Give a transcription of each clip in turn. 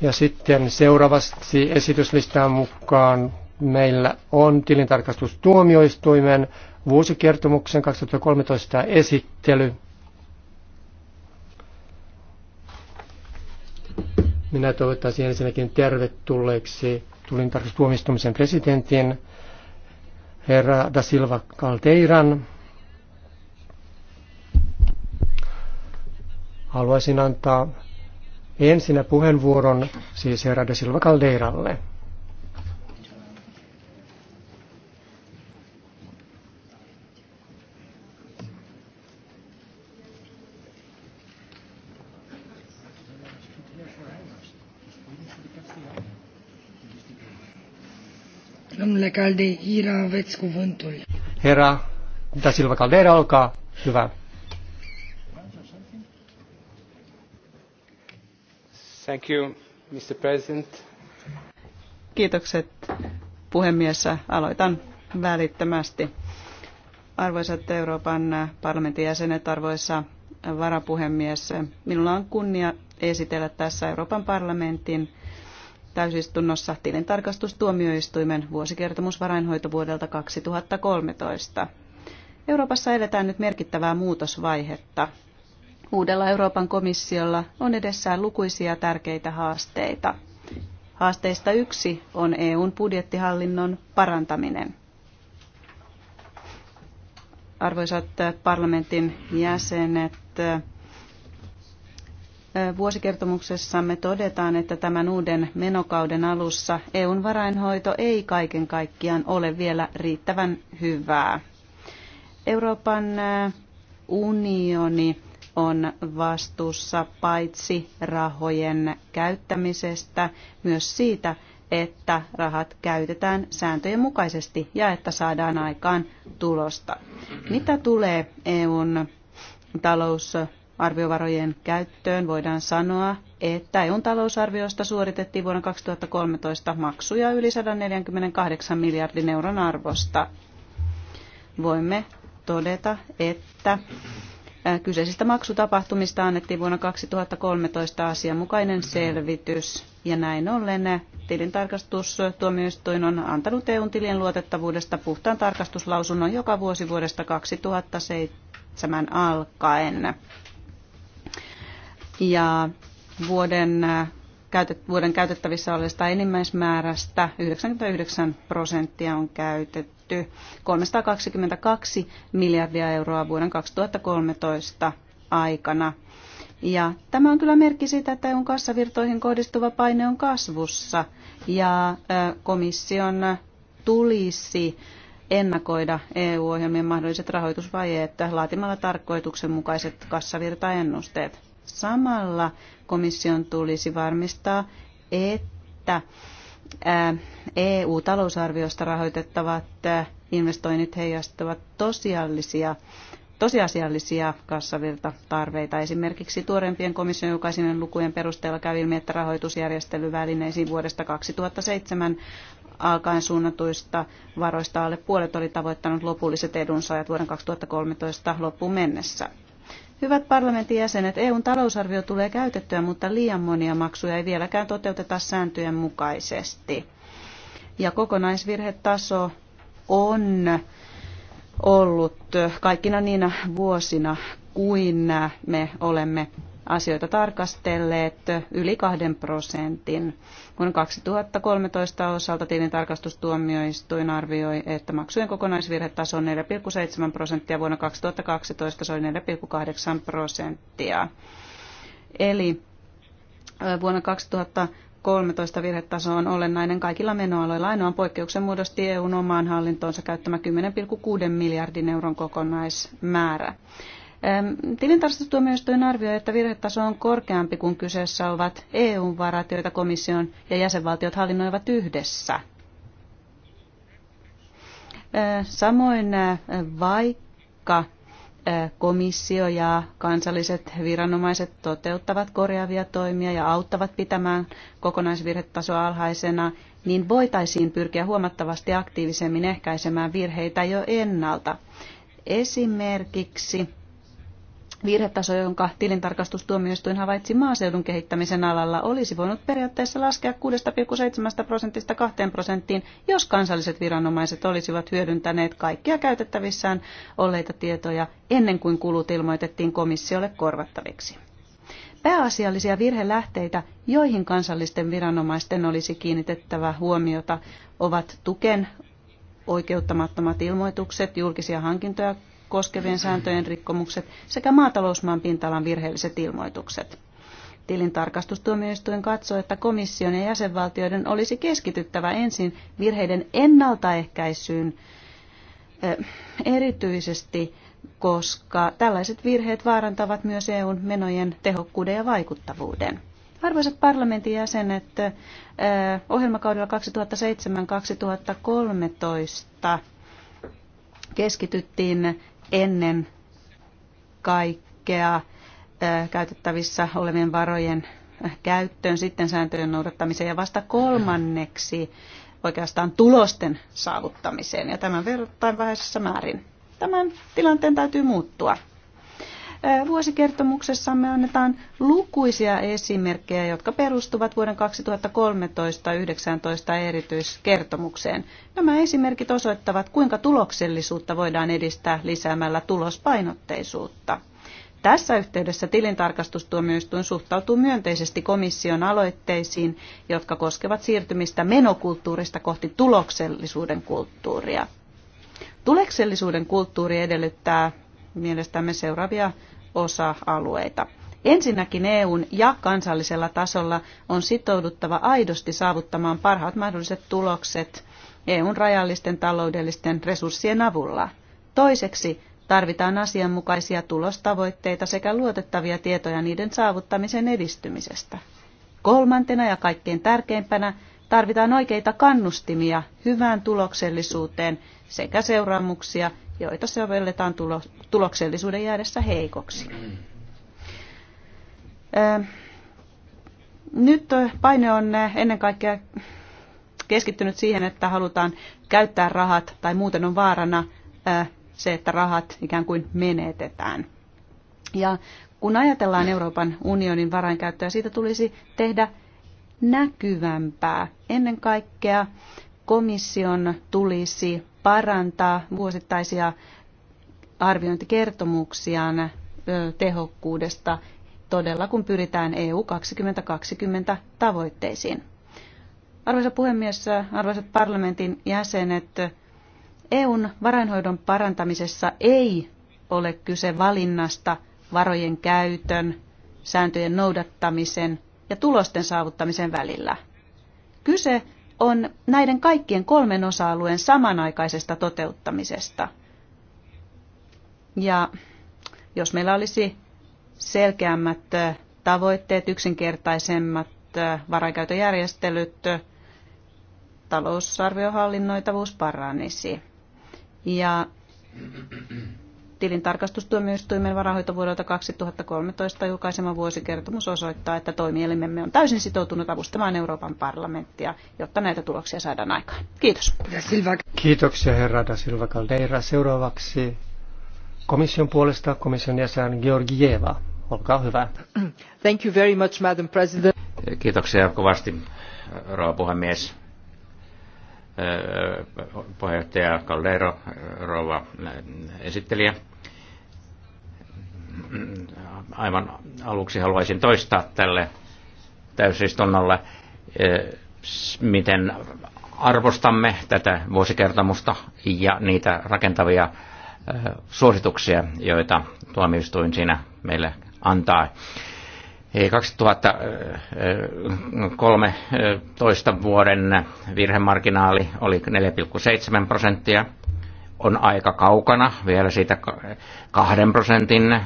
Ja sitten seuraavasti esityslistan mukaan meillä on tilintarkastustuomioistuimen vuosikertomuksen 2013 esittely. Minä toivottaisin ensinnäkin tervetulleeksi tulintarkastustuomistumisen presidentin herra Da Silva Calteiran. Haluaisin antaa ensinnä puheenvuoron siis herra de Silva Caldeiralle. Domnule Caldeira, aveți cuvântul. Herra da Silva Caldeira, olkaa hyvä. Mr. President. Kiitokset puhemies. Aloitan välittömästi. Arvoisat Euroopan parlamentin jäsenet, arvoisa varapuhemies, minulla on kunnia esitellä tässä Euroopan parlamentin täysistunnossa tilintarkastustuomioistuimen vuosikertomus varainhoitovuodelta kolmetoista. Euroopassa eletään nyt merkittävää muutosvaihetta. Uudella Euroopan komissiolla on edessään lukuisia tärkeitä haasteita. Haasteista yksi on EUn budjettihallinnon parantaminen. Arvoisat parlamentin jäsenet, vuosikertomuksessamme todetaan, että tämän uuden menokauden alussa EUn varainhoito ei kaiken kaikkiaan ole vielä riittävän hyvää. Euroopan unioni on vastuussa paitsi rahojen käyttämisestä myös siitä, että rahat käytetään sääntöjen mukaisesti ja että saadaan aikaan tulosta. Mitä tulee EUn talousarviovarojen käyttöön, voidaan sanoa, että EUn talousarviosta suoritettiin vuonna 2013 maksuja yli 148 miljardin euron arvosta. Voimme todeta, että Äh, kyseisistä maksutapahtumista annettiin vuonna 2013 asianmukainen selvitys ja näin ollen tilintarkastustuomioistuin on antanut EUn tilien luotettavuudesta puhtaan tarkastuslausunnon joka vuosi vuodesta 2007 alkaen. Ja vuoden käytet, vuoden käytettävissä olevasta enimmäismäärästä 99 prosenttia on käytetty 322 miljardia euroa vuoden 2013 aikana. Ja tämä on kyllä merkki siitä, että EUn kassavirtoihin kohdistuva paine on kasvussa ja komission tulisi ennakoida EU-ohjelmien mahdolliset rahoitusvajeet laatimalla tarkoituksenmukaiset kassavirtaennusteet. Samalla komission tulisi varmistaa, että äh, EU-talousarviosta rahoitettavat äh, investoinnit heijastavat tosiasiallisia tosiasiallisia tarveita. Esimerkiksi tuorempien komission julkaisimien lukujen perusteella kävi ilmi, että rahoitusjärjestelyvälineisiin vuodesta 2007 alkaen suunnatuista varoista alle puolet oli tavoittanut lopulliset edunsaajat vuoden 2013 loppuun mennessä. Hyvät parlamentin jäsenet, EUn talousarvio tulee käytettyä, mutta liian monia maksuja ei vieläkään toteuteta sääntöjen mukaisesti. Ja kokonaisvirhetaso on ollut kaikkina niinä vuosina kuin me olemme asioita tarkastelleet yli kahden prosentin. Kun 2013 osalta tilintarkastustuomioistuin arvioi, että maksujen kokonaisvirhetaso on 4,7 prosenttia, vuonna 2012 se oli 4,8 prosenttia. Eli vuonna 2000 13 virhetaso on olennainen kaikilla menoaloilla. Ainoan poikkeuksen muodosti EUn omaan hallintoonsa käyttämä 10,6 miljardin euron kokonaismäärä. Tilintarkastustuomioistuin arvioi, että virhetaso on korkeampi kuin kyseessä ovat EU-varat, joita komission ja jäsenvaltiot hallinnoivat yhdessä. Samoin vaikka komissio ja kansalliset viranomaiset toteuttavat korjaavia toimia ja auttavat pitämään kokonaisvirhetasoa alhaisena, niin voitaisiin pyrkiä huomattavasti aktiivisemmin ehkäisemään virheitä jo ennalta. Esimerkiksi Virhetaso, jonka tilintarkastustuomioistuin havaitsi maaseudun kehittämisen alalla, olisi voinut periaatteessa laskea 6,7 prosentista 2 prosenttiin, jos kansalliset viranomaiset olisivat hyödyntäneet kaikkia käytettävissään olleita tietoja ennen kuin kulut ilmoitettiin komissiolle korvattaviksi. Pääasiallisia virhelähteitä, joihin kansallisten viranomaisten olisi kiinnitettävä huomiota, ovat tuken oikeuttamattomat ilmoitukset julkisia hankintoja koskevien sääntöjen rikkomukset sekä maatalousmaan pintalan virheelliset ilmoitukset. Tilintarkastustuomioistuin katsoo, että komission ja jäsenvaltioiden olisi keskityttävä ensin virheiden ennaltaehkäisyyn eh, erityisesti, koska tällaiset virheet vaarantavat myös EUn menojen tehokkuuden ja vaikuttavuuden. Arvoisat parlamentin jäsenet, eh, ohjelmakaudella 2007-2013 keskityttiin ennen kaikkea käytettävissä olevien varojen käyttöön, sitten sääntöjen noudattamiseen ja vasta kolmanneksi oikeastaan tulosten saavuttamiseen ja tämän verrattain vähäisessä määrin. Tämän tilanteen täytyy muuttua. Vuosikertomuksessamme annetaan lukuisia esimerkkejä, jotka perustuvat vuoden 2013-2019 erityiskertomukseen. Nämä esimerkit osoittavat, kuinka tuloksellisuutta voidaan edistää lisäämällä tulospainotteisuutta. Tässä yhteydessä tilintarkastustuomioistuin suhtautuu myönteisesti komission aloitteisiin, jotka koskevat siirtymistä menokulttuurista kohti tuloksellisuuden kulttuuria. Tuloksellisuuden kulttuuri edellyttää mielestämme seuraavia osa-alueita. Ensinnäkin EUn ja kansallisella tasolla on sitouduttava aidosti saavuttamaan parhaat mahdolliset tulokset EUn rajallisten taloudellisten resurssien avulla. Toiseksi tarvitaan asianmukaisia tulostavoitteita sekä luotettavia tietoja niiden saavuttamisen edistymisestä. Kolmantena ja kaikkein tärkeimpänä tarvitaan oikeita kannustimia hyvään tuloksellisuuteen sekä seuraamuksia joita sovelletaan tulo, tuloksellisuuden jäädessä heikoksi. Nyt paine on ennen kaikkea keskittynyt siihen, että halutaan käyttää rahat tai muuten on vaarana se, että rahat ikään kuin menetetään. Ja kun ajatellaan Euroopan unionin varainkäyttöä, siitä tulisi tehdä näkyvämpää. Ennen kaikkea komission tulisi parantaa vuosittaisia arviointikertomuksiaan tehokkuudesta todella, kun pyritään EU 2020 tavoitteisiin. Arvoisa puhemies, arvoisat parlamentin jäsenet, EUn varainhoidon parantamisessa ei ole kyse valinnasta varojen käytön, sääntöjen noudattamisen ja tulosten saavuttamisen välillä. Kyse on näiden kaikkien kolmen osa-alueen samanaikaisesta toteuttamisesta. Ja jos meillä olisi selkeämmät äh, tavoitteet, yksinkertaisemmat äh, varainkäytöjärjestelyt, äh, talousarviohallinnoitavuus paranisi. Ja Tilintarkastustuomioistuimen varahoitovuodelta 2013 julkaisema vuosikertomus osoittaa, että toimielimemme on täysin sitoutunut avustamaan Euroopan parlamenttia, jotta näitä tuloksia saadaan aikaan. Kiitos. Kiitoksia herra Da Silva Caldeira. Seuraavaksi komission puolesta komission jäsen Georgieva. Olkaa hyvä. Thank you very much, Madam President. Kiitoksia kovasti, rouva puhemies puheenjohtaja Caldero, rouva esittelijä. Aivan aluksi haluaisin toistaa tälle täysistunnolle, e, miten arvostamme tätä vuosikertomusta ja niitä rakentavia e, suosituksia, joita tuomioistuin siinä meille antaa. 2013 vuoden virhemarginaali oli 4,7 prosenttia. On aika kaukana vielä siitä kahden prosentin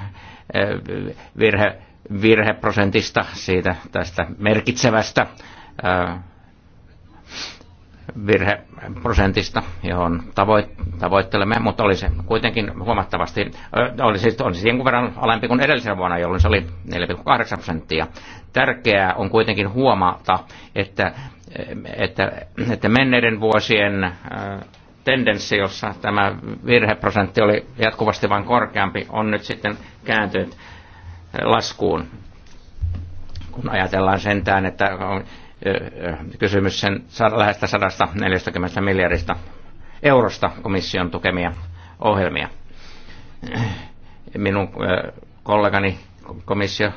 virhe, virheprosentista, siitä tästä merkitsevästä virheprosentista, johon tavoittelemme, mutta oli se kuitenkin huomattavasti, oli siis, on siis jonkun verran alempi kuin edellisenä vuonna, jolloin se oli 4,8 prosenttia. Tärkeää on kuitenkin huomata, että, että, että menneiden vuosien tendenssi, jossa tämä virheprosentti oli jatkuvasti vain korkeampi, on nyt sitten kääntynyt laskuun kun ajatellaan sentään, että kysymys sen lähestä 140 miljardista eurosta komission tukemia ohjelmia. Minun kollegani komissio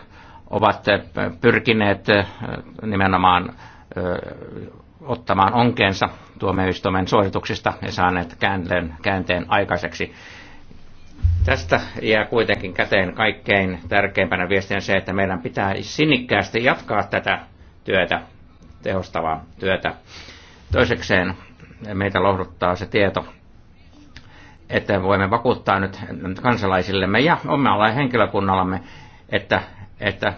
ovat pyrkineet nimenomaan ottamaan onkeensa tuomioistuimen suosituksista ja saaneet käänteen, käänteen aikaiseksi. Tästä jää kuitenkin käteen kaikkein tärkeimpänä viestinä se, että meidän pitää sinnikkäästi jatkaa tätä työtä tehostavaa työtä. Toisekseen meitä lohduttaa se tieto, että voimme vakuuttaa nyt kansalaisillemme ja omalla henkilökunnallamme, että, että,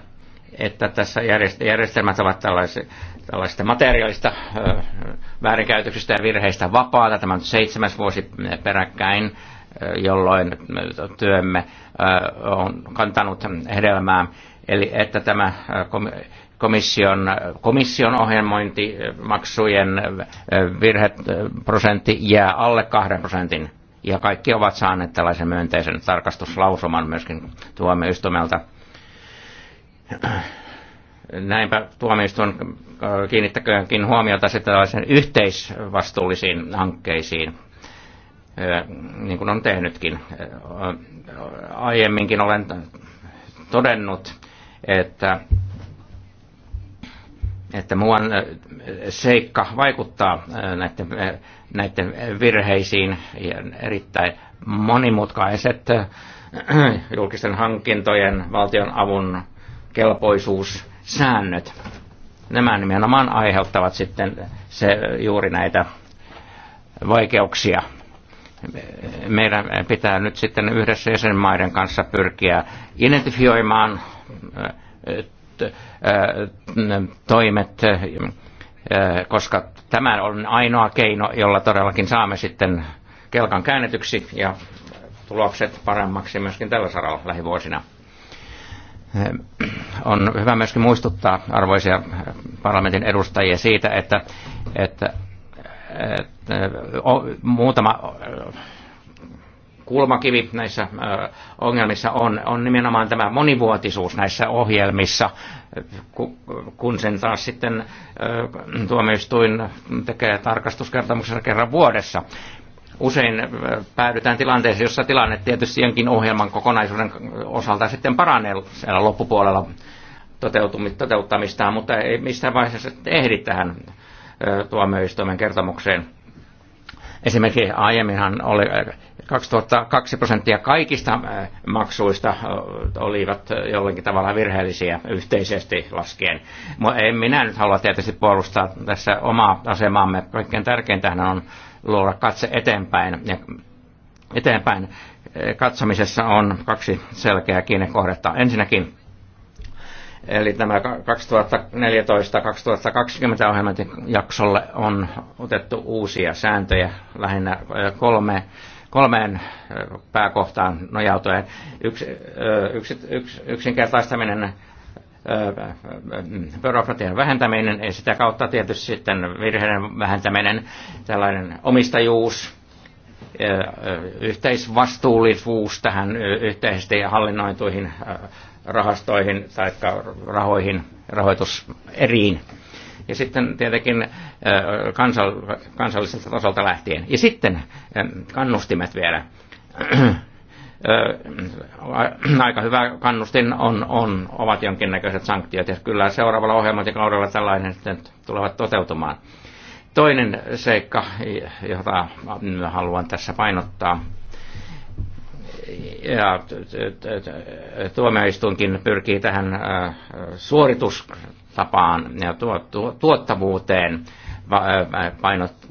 että tässä järjestelmät ovat tällaisia, tällaista materiaalista väärinkäytöksistä ja virheistä vapaata. Tämä on seitsemäs vuosi peräkkäin, jolloin työmme on kantanut hedelmää. Eli että tämä komission, komission ohjelmointimaksujen virheprosentti jää alle kahden prosentin. Ja kaikki ovat saaneet tällaisen myönteisen tarkastuslausuman myöskin tuomioistuimelta. Näinpä tuomioistuin kiinnittäköönkin huomiota sitten tällaisen yhteisvastuullisiin hankkeisiin, niin kuin on tehnytkin. Aiemminkin olen todennut, että että muuan äh, seikka vaikuttaa näiden, äh, näiden äh, virheisiin ja erittäin monimutkaiset julkisten hankintojen, valtion avun kelpoisuussäännöt. Nämä nimenomaan aiheuttavat sitten se, juuri näitä vaikeuksia. Meidän pitää nyt sitten yhdessä jäsenmaiden kanssa pyrkiä identifioimaan Äh, toimet, äh, koska tämä on ainoa keino, jolla todellakin saamme sitten kelkan käännetyksi ja tulokset paremmaksi myöskin tällä saralla lähivuosina. Äh, on hyvä myöskin muistuttaa arvoisia parlamentin edustajia siitä, että, että, että muutama kulmakivi näissä ongelmissa on, on nimenomaan tämä monivuotisuus näissä ohjelmissa, kun sen taas sitten tuomioistuin tekee tarkastuskertomuksessa kerran vuodessa. Usein päädytään tilanteeseen, jossa tilanne tietysti jonkin ohjelman kokonaisuuden osalta sitten paranee siellä loppupuolella toteuttamistaan, mutta ei missään vaiheessa ehdi tähän tuomioistuimen kertomukseen. Esimerkiksi aiemminhan oli 2002 prosenttia kaikista äh, maksuista äh, olivat äh, jollakin tavalla virheellisiä yhteisesti laskien. En minä nyt halua tietysti puolustaa tässä omaa asemaamme. Kaikkein tärkeintähän on luoda katse eteenpäin. Ja eteenpäin katsomisessa on kaksi selkeää kiinnekohdetta. Ensinnäkin Eli tämä 2014-2020 ohjelmajaksolle on otettu uusia sääntöjä, lähinnä kolme kolmeen pääkohtaan nojautuen. Yks, yks, yks, yksinkertaistaminen, byrokratian vähentäminen ja sitä kautta tietysti sitten virheiden vähentäminen, tällainen omistajuus, yhteisvastuullisuus tähän yhteisesti hallinnointuihin rahastoihin tai rahoihin, rahoituseriin ja sitten tietenkin äh, kansal- kansalliselta tasolta lähtien. Ja sitten äh, kannustimet vielä. Äh, aika hyvä kannustin on, on, ovat jonkinnäköiset sanktiot, ja kyllä seuraavalla kaudella tällainen sitten tulevat toteutumaan. Toinen seikka, jota haluan tässä painottaa, ja tuomioistuinkin pyrkii tähän suoritus tapaan ja tuottavuuteen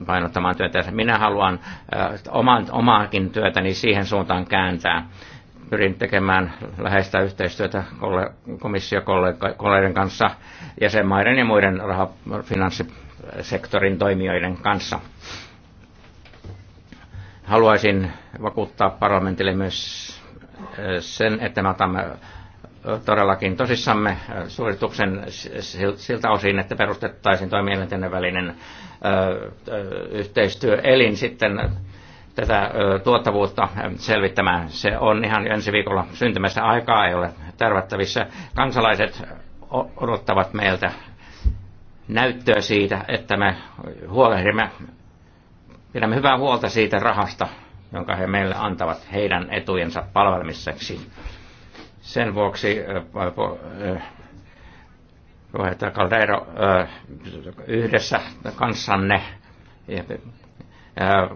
painottamaan työtä. Minä haluan oman, omaakin työtäni siihen suuntaan kääntää. Pyrin tekemään läheistä yhteistyötä komissiokollegoiden kanssa, jäsenmaiden ja muiden rahafinanssisektorin toimijoiden kanssa. Haluaisin vakuuttaa parlamentille myös sen, että me otamme todellakin tosissamme äh, suorituksen siltä osin, että perustettaisiin toimielinten välinen äh, äh, yhteistyöelin sitten tätä tuottavuutta selvittämään. Se on ihan ensi viikolla syntymässä aikaa, ei ole tärvättävissä. Kansalaiset odottavat meiltä näyttöä siitä, että me huolehdimme, pidämme hyvää huolta siitä rahasta, jonka he meille antavat heidän etujensa palvelemiseksi sen vuoksi äh, äh, äh, puheenjohtaja Caldero yhdessä kanssanne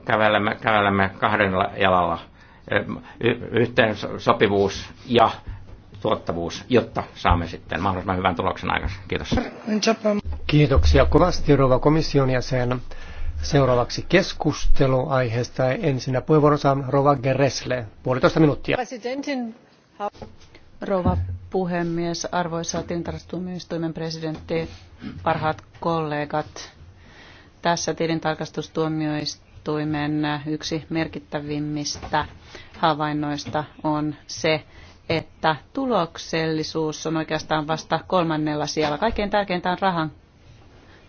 kävelemme, kävelemme kahden jalalla yhteen sopivuus ja tuottavuus, jotta saamme sitten mahdollisimman hyvän tuloksen aikaisemmin. Kiitos. Kiitoksia kovasti Rova komission jäsen. Seuraavaksi keskustelu aiheesta. Ensinnä puheenvuoron saa Rova Geresle. Puolitoista minuuttia. Rouva puhemies, arvoisa tilintarkastustuomioistuimen presidentti, parhaat kollegat. Tässä tilintarkastustuomioistuimen yksi merkittävimmistä havainnoista on se, että tuloksellisuus on oikeastaan vasta kolmannella siellä. Kaikkein tärkeintä on rahan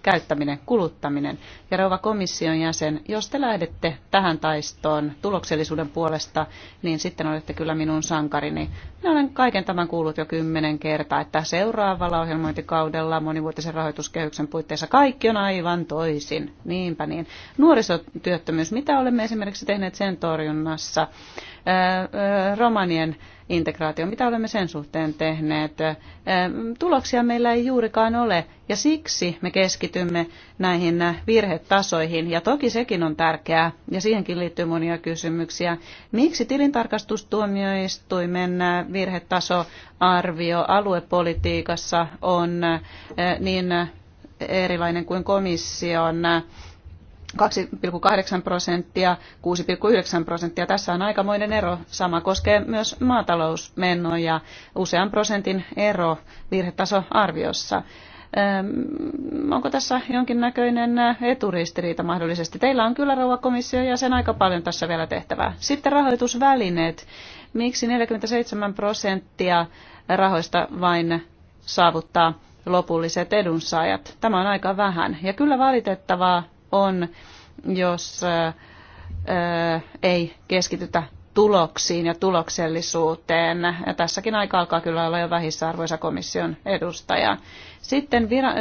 käyttäminen, kuluttaminen. Ja rouva komission jäsen, jos te lähdette tähän taistoon tuloksellisuuden puolesta, niin sitten olette kyllä minun sankarini. Minä olen kaiken tämän kuullut jo kymmenen kertaa, että seuraavalla ohjelmointikaudella monivuotisen rahoituskehyksen puitteissa kaikki on aivan toisin. Niinpä niin. Nuorisotyöttömyys, mitä olemme esimerkiksi tehneet sen torjunnassa? Öö, öö, romanien integraatio, mitä olemme sen suhteen tehneet. Tuloksia meillä ei juurikaan ole ja siksi me keskitymme näihin virhetasoihin ja toki sekin on tärkeää ja siihenkin liittyy monia kysymyksiä. Miksi tilintarkastustuomioistuimen virhetasoarvio aluepolitiikassa on niin erilainen kuin komission 2,8 prosenttia, 6,9 prosenttia. Tässä on aikamoinen ero. Sama koskee myös maatalousmenoja, usean prosentin ero virhetasoarviossa. Onko tässä jonkinnäköinen eturistiriita mahdollisesti? Teillä on kyllä rouva komissio ja sen aika paljon tässä vielä tehtävää. Sitten rahoitusvälineet. Miksi 47 prosenttia rahoista vain saavuttaa lopulliset edunsaajat? Tämä on aika vähän. Ja kyllä valitettavaa on, jos ei keskitytä tuloksiin ja tuloksellisuuteen. Ja tässäkin aika alkaa kyllä olla jo vähissä, arvoisa komission edustaja. Sitten vira-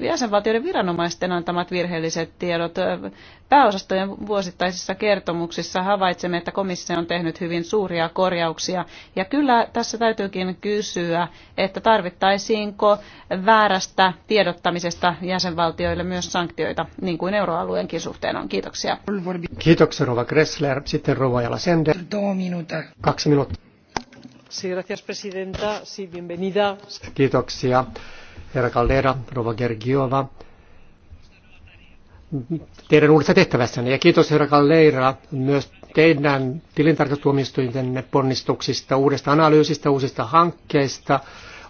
jäsenvaltioiden viranomaisten antamat virheelliset tiedot. Pääosastojen vuosittaisissa kertomuksissa havaitsemme, että komissio on tehnyt hyvin suuria korjauksia. Ja kyllä tässä täytyykin kysyä, että tarvittaisiinko väärästä tiedottamisesta jäsenvaltioille myös sanktioita, niin kuin euroalueenkin suhteen on. Kiitoksia. Kiitoksia Rova Gressler. Sitten Rova Jala Sender. Kaksi minuuttia. Kiitoksia herra Caldera, Rova Gergiova, teidän uudessa tehtävässänne. Ja kiitos herra Kalleira myös teidän tilintarkastuomioistuintenne ponnistuksista, uudesta analyysistä, uusista hankkeista,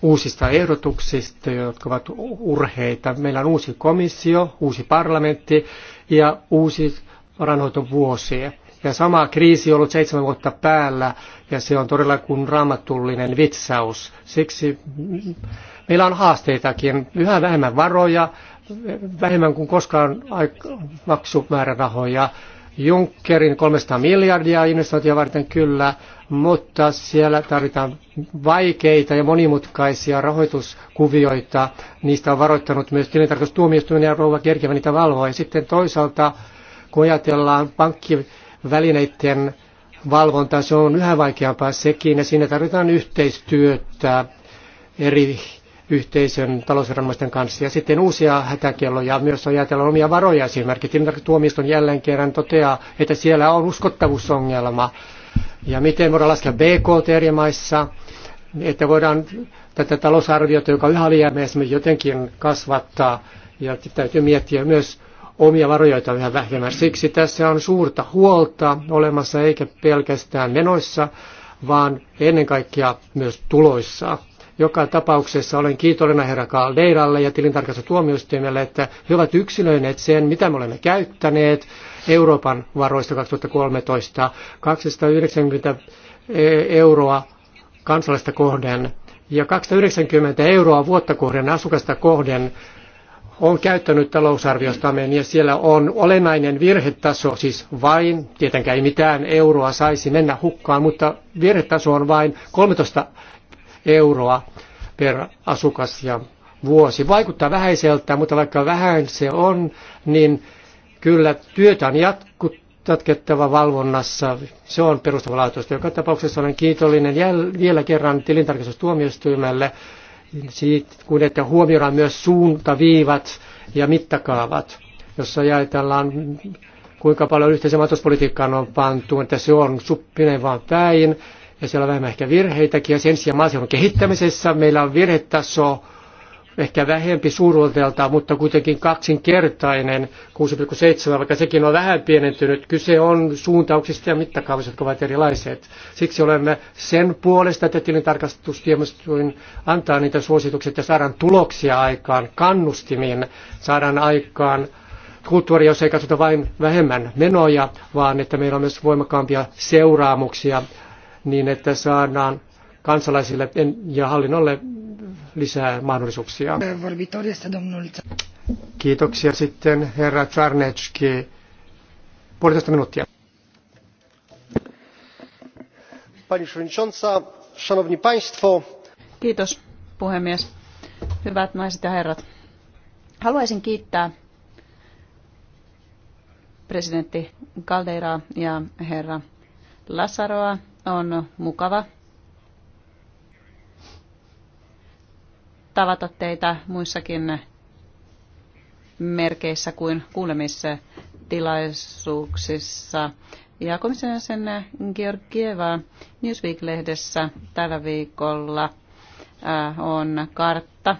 uusista ehdotuksista, jotka ovat urheita. Meillä on uusi komissio, uusi parlamentti ja uusi varanhoitovuosi. Ja sama kriisi on ollut seitsemän vuotta päällä ja se on todella kuin raamatullinen vitsaus. Siksi meillä on haasteitakin, yhä vähemmän varoja, vähemmän kuin koskaan maksumäärärahoja. Junckerin 300 miljardia investointia varten kyllä, mutta siellä tarvitaan vaikeita ja monimutkaisia rahoituskuvioita. Niistä on varoittanut myös tilintarkastustuomioistuimen ja rouva Kerkevä niitä valvoa. Ja sitten toisaalta, kun ajatellaan pankki välineiden valvonta, Se on yhä vaikeampaa sekin ja siinä tarvitaan yhteistyötä eri yhteisön talousviranomaisten kanssa. Ja sitten uusia hätäkelloja, myös ajatellaan omia varoja esimerkiksi. Tuomiston jälleen kerran toteaa, että siellä on uskottavuusongelma. Ja miten voidaan laskea BKT eri maissa, että voidaan tätä talousarviota, joka yhä liian jotenkin kasvattaa. Ja täytyy miettiä myös omia varojaita yhä vähemmän. Siksi tässä on suurta huolta olemassa eikä pelkästään menoissa, vaan ennen kaikkea myös tuloissa. Joka tapauksessa olen kiitollinen herra Kaldeiralle ja tilintarkastustuomioistuimelle, että he ovat yksilöineet sen, mitä me olemme käyttäneet Euroopan varoista 2013. 290 e- euroa kansalaista kohden ja 290 euroa vuotta kohden, asukasta kohden on käyttänyt talousarviostamme, ja siellä on olennainen virhetaso, siis vain, tietenkään ei mitään euroa saisi mennä hukkaan, mutta virhetaso on vain 13 euroa per asukas ja vuosi. Vaikuttaa vähäiseltä, mutta vaikka vähän se on, niin kyllä työtä on jatkettava valvonnassa. Se on perustavanlaatuista. Joka tapauksessa olen kiitollinen jäl- vielä kerran tilintarkastustuomioistuimelle siitä, kun että huomioidaan myös suuntaviivat ja mittakaavat, jossa ajatellaan, kuinka paljon yhteisen maatalouspolitiikkaan on pantu, että se on suppinen vaan päin, ja siellä on vähemmän ehkä virheitäkin, ja sen sijaan maaseudun kehittämisessä meillä on virhetaso ehkä vähempi suuruudeltaan, mutta kuitenkin kaksinkertainen, 6,7, vaikka sekin on vähän pienentynyt. Kyse on suuntauksista ja mittakaavista, jotka ovat erilaiset. Siksi olemme sen puolesta, että tilintarkastustuomioistuin antaa niitä suositukset ja saadaan tuloksia aikaan, kannustimin saadaan aikaan kulttuuri, jos ei katsota vain vähemmän menoja, vaan että meillä on myös voimakkaampia seuraamuksia niin, että saadaan kansalaisille ja hallinnolle lisää mahdollisuuksia. Kiitoksia sitten herra Czarnecki. Puolitoista minuuttia. Pani przewodnicząca, szanowni państwo. Kiitos puhemies. Hyvät naiset ja herrat. Haluaisin kiittää presidentti Caldeiraa ja herra Lassaroa. On mukava tavata teitä muissakin merkeissä kuin kuulemistilaisuuksissa. Ja komission jäsen Georgieva Newsweek-lehdessä tällä viikolla äh, on kartta äh,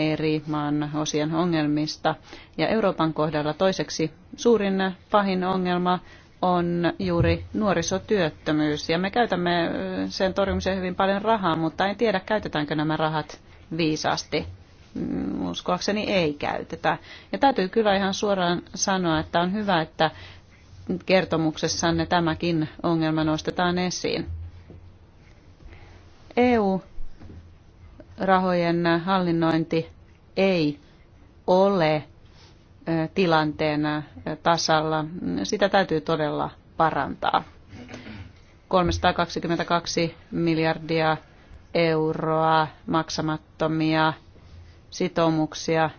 eri maan osien ongelmista. Ja Euroopan kohdalla toiseksi suurin pahin ongelma on juuri nuorisotyöttömyys. Ja me käytämme äh, sen torjumiseen hyvin paljon rahaa, mutta en tiedä käytetäänkö nämä rahat viisaasti mm, uskoakseni ei käytetä. Ja täytyy kyllä ihan suoraan sanoa, että on hyvä, että kertomuksessanne tämäkin ongelma nostetaan esiin. EU-rahojen hallinnointi ei ole tilanteena tasalla. Sitä täytyy todella parantaa. 322 miljardia euroa maksamattomia sitoumuksia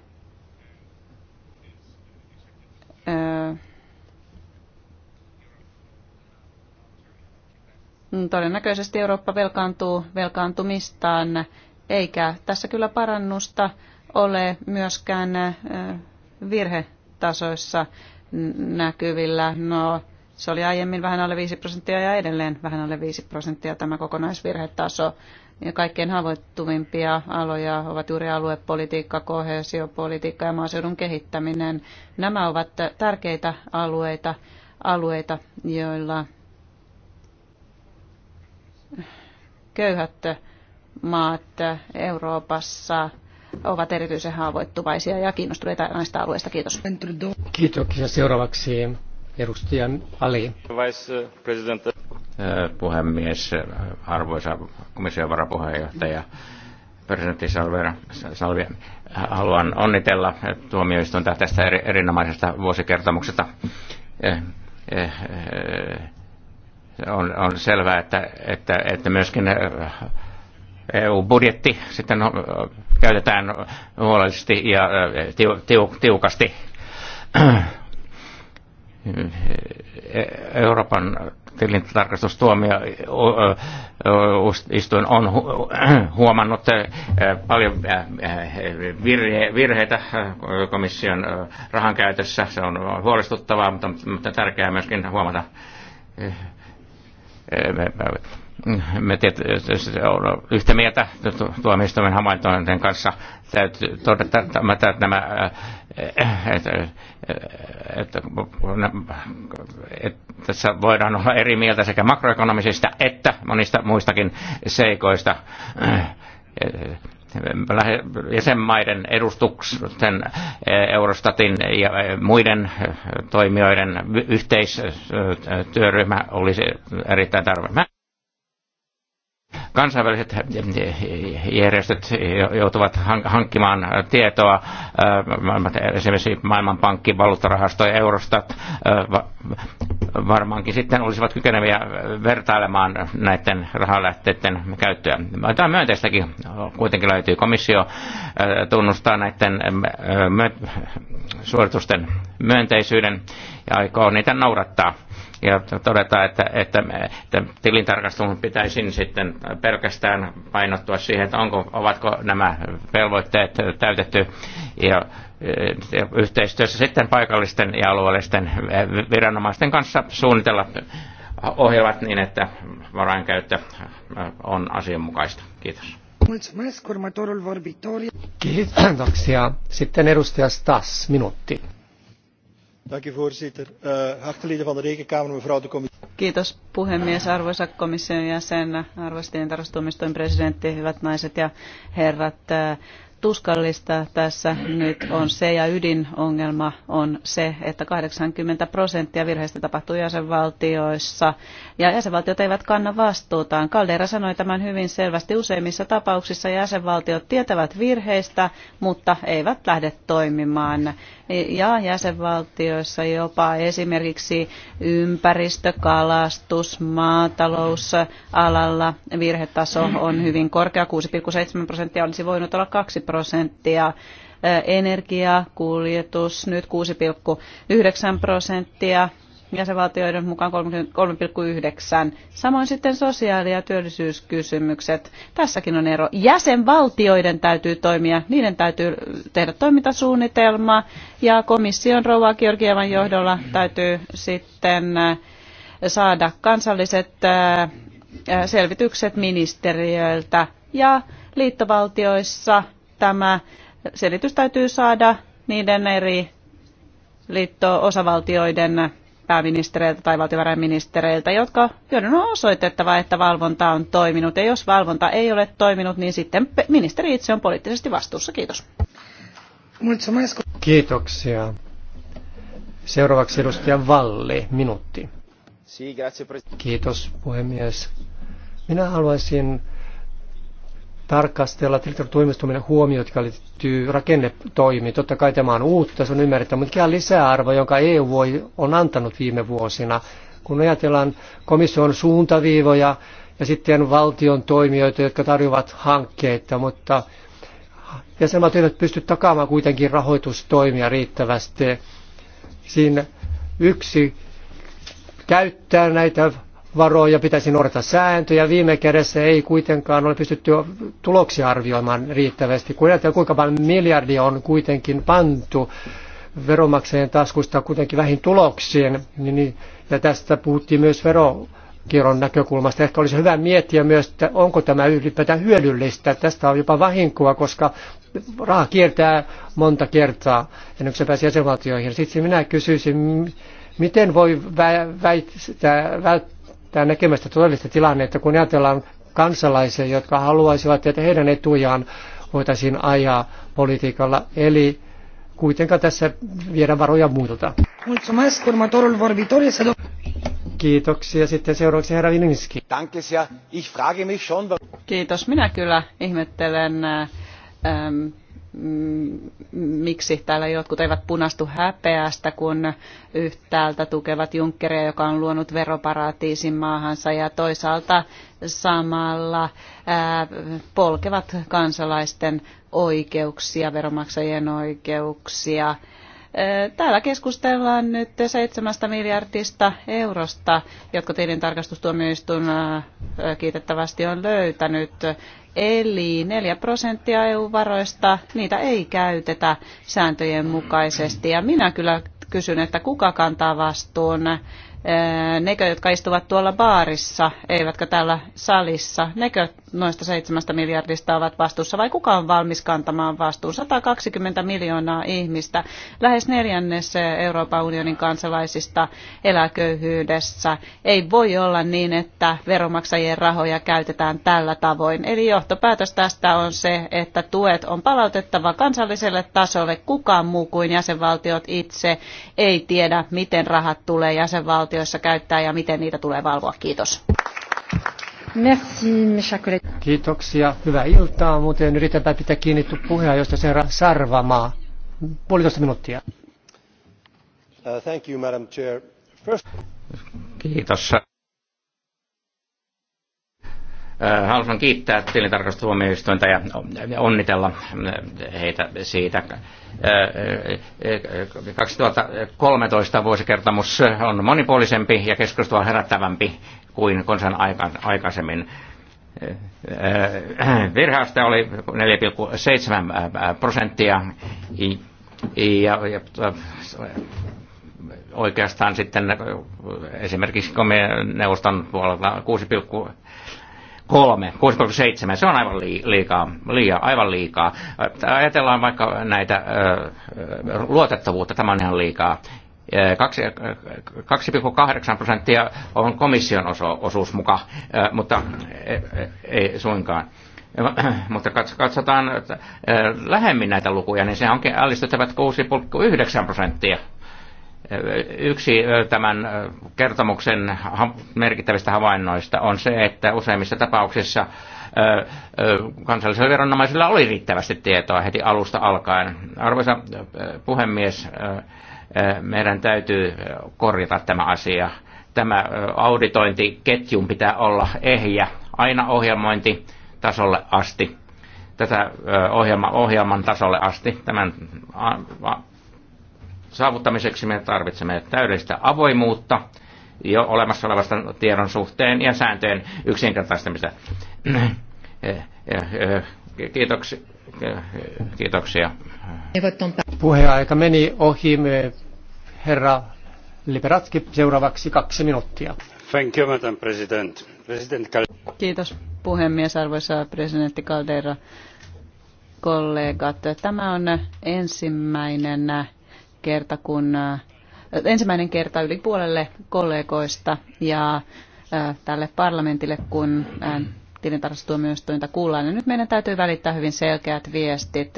todennäköisesti Eurooppa velkaantuu velkaantumistaan, eikä tässä kyllä parannusta ole myöskään virhetasoissa näkyvillä. No, se oli aiemmin vähän alle 5 prosenttia ja edelleen vähän alle 5 prosenttia tämä kokonaisvirhetaso kaikkein haavoittuvimpia aloja ovat juuri aluepolitiikka, kohesiopolitiikka ja maaseudun kehittäminen. Nämä ovat tärkeitä alueita, alueita joilla köyhät maat Euroopassa ovat erityisen haavoittuvaisia ja kiinnostuneita näistä alueista. Kiitos. Kiitoksia. Seuraavaksi edustaja Ali. Vice puhemies, arvoisa komission varapuheenjohtaja, presidentti Salvera, Salvia. Haluan onnitella tuomioistuinta tästä eri, erinomaisesta vuosikertomuksesta. On, on selvää, että, että, että myöskin EU-budjetti sitten käytetään huolellisesti ja tiukasti. Euroopan tilintarkastustuomioistuin on huomannut paljon virheitä komission rahan käytössä. Se on huolestuttavaa, mutta tärkeää myöskin huomata me tietysti yhtä mieltä tuomioistuimen havaintojen kanssa täytyy todeta, että nämä äh, että, äh, että, että tässä voidaan olla eri mieltä sekä makroekonomisista että monista muistakin seikoista jäsenmaiden edustuksen äh, Eurostatin ja muiden toimijoiden yhteistyöryhmä olisi erittäin tarve. Kansainväliset eh, eh, järjestöt joutuvat hankkimaan tietoa eh, esimerkiksi Maailmanpankki, valuuttarahasto ja Eurostat varmaankin sitten olisivat kykeneviä vertailemaan näiden rahalähteiden käyttöä. Tämä myönteistäkin kuitenkin löytyy. Komissio tunnustaa näiden suoritusten myönteisyyden ja aikoo niitä noudattaa ja todeta, että, että, että tilintarkastuksen pitäisi sitten pelkästään painottua siihen, että onko, ovatko nämä velvoitteet täytetty ja yhteistyössä sitten paikallisten ja alueellisten viranomaisten kanssa suunnitella ohjelmat niin, että varainkäyttö on asianmukaista. Kiitos. Kiitoksia. Sitten edustaja Stas, minuutti voorzitter geachte eh, leden van de rekenkamer mevrouw de commissaris puhemies arvoisa komission jäsen arvoisa tilintarkastustuomioistuimen presidentti hyvät naiset ja herrat eh, tuskallista tässä nyt on se, ja ydinongelma on se, että 80 prosenttia virheistä tapahtuu jäsenvaltioissa, ja jäsenvaltiot eivät kanna vastuutaan. Kaldera sanoi tämän hyvin selvästi. Useimmissa tapauksissa jäsenvaltiot tietävät virheistä, mutta eivät lähde toimimaan. Ja jäsenvaltioissa jopa esimerkiksi ympäristö, kalastus, maatalousalalla virhetaso on hyvin korkea. 6,7 prosenttia olisi voinut olla 2 prosenttia prosenttia, energia, kuljetus nyt 6,9 prosenttia, jäsenvaltioiden mukaan 3,9. Samoin sitten sosiaali- ja työllisyyskysymykset. Tässäkin on ero. Jäsenvaltioiden täytyy toimia, niiden täytyy tehdä toimintasuunnitelma ja komission rouva Georgievan johdolla täytyy sitten saada kansalliset selvitykset ministeriöiltä ja liittovaltioissa – tämä selitys täytyy saada niiden eri liitto-osavaltioiden pääministereiltä tai valtiovarainministereiltä, jotka, joiden on osoitettava, että valvonta on toiminut. Ja jos valvonta ei ole toiminut, niin sitten ministeri itse on poliittisesti vastuussa. Kiitos. Kiitoksia. Seuraavaksi edustaja Valli, minuutti. Kiitos puhemies. Minä haluaisin tarkastella tuomioistuimen huomioon, jotka liittyy rakennetoimiin. Totta kai tämä on uutta, se on ymmärrettävä, mutta mikä on lisäarvo, jonka EU voi, on antanut viime vuosina, kun ajatellaan komission suuntaviivoja ja sitten valtion toimijoita, jotka tarjoavat hankkeita, mutta jäsenmaat eivät pysty takaamaan kuitenkin rahoitustoimia riittävästi. Siinä yksi käyttää näitä varoja, pitäisi noudata sääntöjä. Viime kädessä ei kuitenkaan ole pystytty tuloksia arvioimaan riittävästi. Kun ajatellaan, kuinka paljon miljardia on kuitenkin pantu veronmaksajien taskusta kuitenkin vähin tuloksiin, niin, niin ja tästä puhuttiin myös verokierron näkökulmasta. Ehkä olisi hyvä miettiä myös, että onko tämä ylipäätään hyödyllistä. Tästä on jopa vahinkoa, koska raha kiertää monta kertaa ennen kuin se pääsee jäsenvaltioihin. Siksi minä kysyisin, miten voi väittää, välttää tämä näkemästä todellista tilannetta, kun ajatellaan kansalaisia, jotka haluaisivat, että heidän etujaan voitaisiin ajaa politiikalla. Eli kuitenkaan tässä viedä varoja muilta. Kiitoksia. Sitten seuraavaksi herra Vininski. Kiitos. Minä kyllä ihmettelen, ähm, Mm, miksi täällä jotkut eivät punastu häpeästä, kun yhtäältä tukevat Junckeria, joka on luonut veroparatiisin maahansa, ja toisaalta samalla ää, polkevat kansalaisten oikeuksia, veromaksajien oikeuksia. Täällä keskustellaan nyt seitsemästä miljardista eurosta, jotka tilintarkastustuomioistuin kiitettävästi on löytänyt. Eli neljä prosenttia EU-varoista, niitä ei käytetä sääntöjen mukaisesti. Ja minä kyllä kysyn, että kuka kantaa vastuun? Äh, nekö, jotka istuvat tuolla baarissa, eivätkä täällä salissa, nekö noista seitsemästä miljardista ovat vastuussa vai kuka on valmis kantamaan vastuun? 120 miljoonaa ihmistä, lähes neljännes Euroopan unionin kansalaisista eläköyhyydessä Ei voi olla niin, että veromaksajien rahoja käytetään tällä tavoin. Eli johtopäätös tästä on se, että tuet on palautettava kansalliselle tasolle. Kukaan muu kuin jäsenvaltiot itse ei tiedä, miten rahat tulee jäsenvaltioissa käyttää ja miten niitä tulee valvoa. Kiitos. Merci, Kiitoksia. Hyvää iltaa. Muuten yritetään pitää kiinni puheen, josta sen sarvamaa. Puolitoista minuuttia. Uh, thank you, Madam Chair. First... Kiitos. Uh, haluan kiittää tilintarkastustuomioistuinta ja onnitella uh, heitä siitä. 2013 uh, vuosikertomus on monipuolisempi ja keskustelua herättävämpi kuin konsan aikaisemmin. Virhausta oli 4,7 prosenttia ja, ja oikeastaan sitten esimerkiksi neuvoston puolella 6,3, 6,7, se on aivan liikaa, liikaa, aivan liikaa. Ajatellaan vaikka näitä luotettavuutta, tämä on ihan liikaa. 2,8 äh, äh, prosenttia on komission osuus muka, äh, mutta ei suinkaan. Mutta katsotaan lähemmin näitä lukuja, niin se onkin alistettavat 6,9 prosenttia. Yksi tämän kertomuksen merkittävistä havainnoista on se, että useimmissa tapauksissa kansallisella veronnomaisilla oli riittävästi tietoa heti alusta alkaen. Arvoisa puhemies, meidän täytyy korjata tämä asia. Tämä auditointiketjun pitää olla ehjä aina ohjelmointitasolle asti, tätä ohjelma, ohjelman tasolle asti. Tämän saavuttamiseksi me tarvitsemme täydellistä avoimuutta jo olemassa olevasta tiedon suhteen ja sääntöjen yksinkertaistamista Kiitoksia. Kiitoksia. Puheaika meni ohi. herra Liberatski seuraavaksi kaksi minuuttia. Thank you, Madam President. President Cal- Kiitos puhemies, arvoisa presidentti Caldera, kollegat. Tämä on ensimmäinen kerta, kun ensimmäinen kerta yli puolelle kollegoista ja tälle parlamentille, kun tilintarkastustuomioistuinta kuullaan. Ja nyt meidän täytyy välittää hyvin selkeät viestit.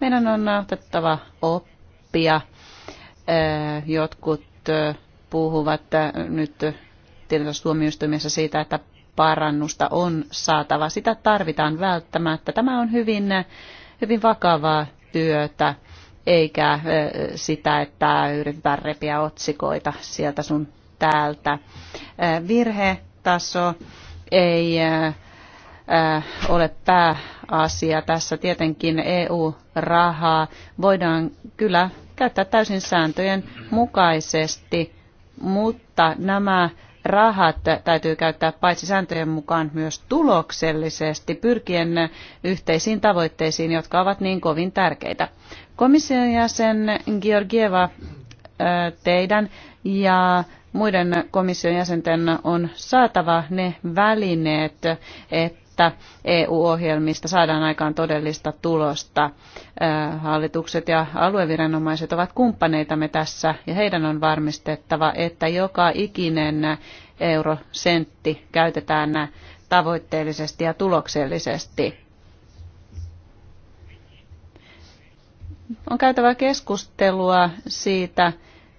Meidän on otettava oppia. Äh, jotkut äh, puhuvat äh, nyt tilintarkastustuomioistuimessa siitä, että parannusta on saatava. Sitä tarvitaan välttämättä. Tämä on hyvin, hyvin vakavaa työtä, eikä sitä, että yritetään repiä otsikoita sieltä sun täältä. Virhetaso ei Äh, ole pääasia. Tässä tietenkin EU-rahaa voidaan kyllä käyttää täysin sääntöjen mukaisesti, mutta nämä rahat täytyy käyttää paitsi sääntöjen mukaan myös tuloksellisesti pyrkien yhteisiin tavoitteisiin, jotka ovat niin kovin tärkeitä. Komission jäsen Georgieva, äh, teidän ja muiden komission jäsenten on saatava ne välineet, että että EU-ohjelmista saadaan aikaan todellista tulosta. Hallitukset ja alueviranomaiset ovat kumppaneitamme tässä ja heidän on varmistettava, että joka ikinen eurosentti käytetään tavoitteellisesti ja tuloksellisesti. On käytävä keskustelua siitä,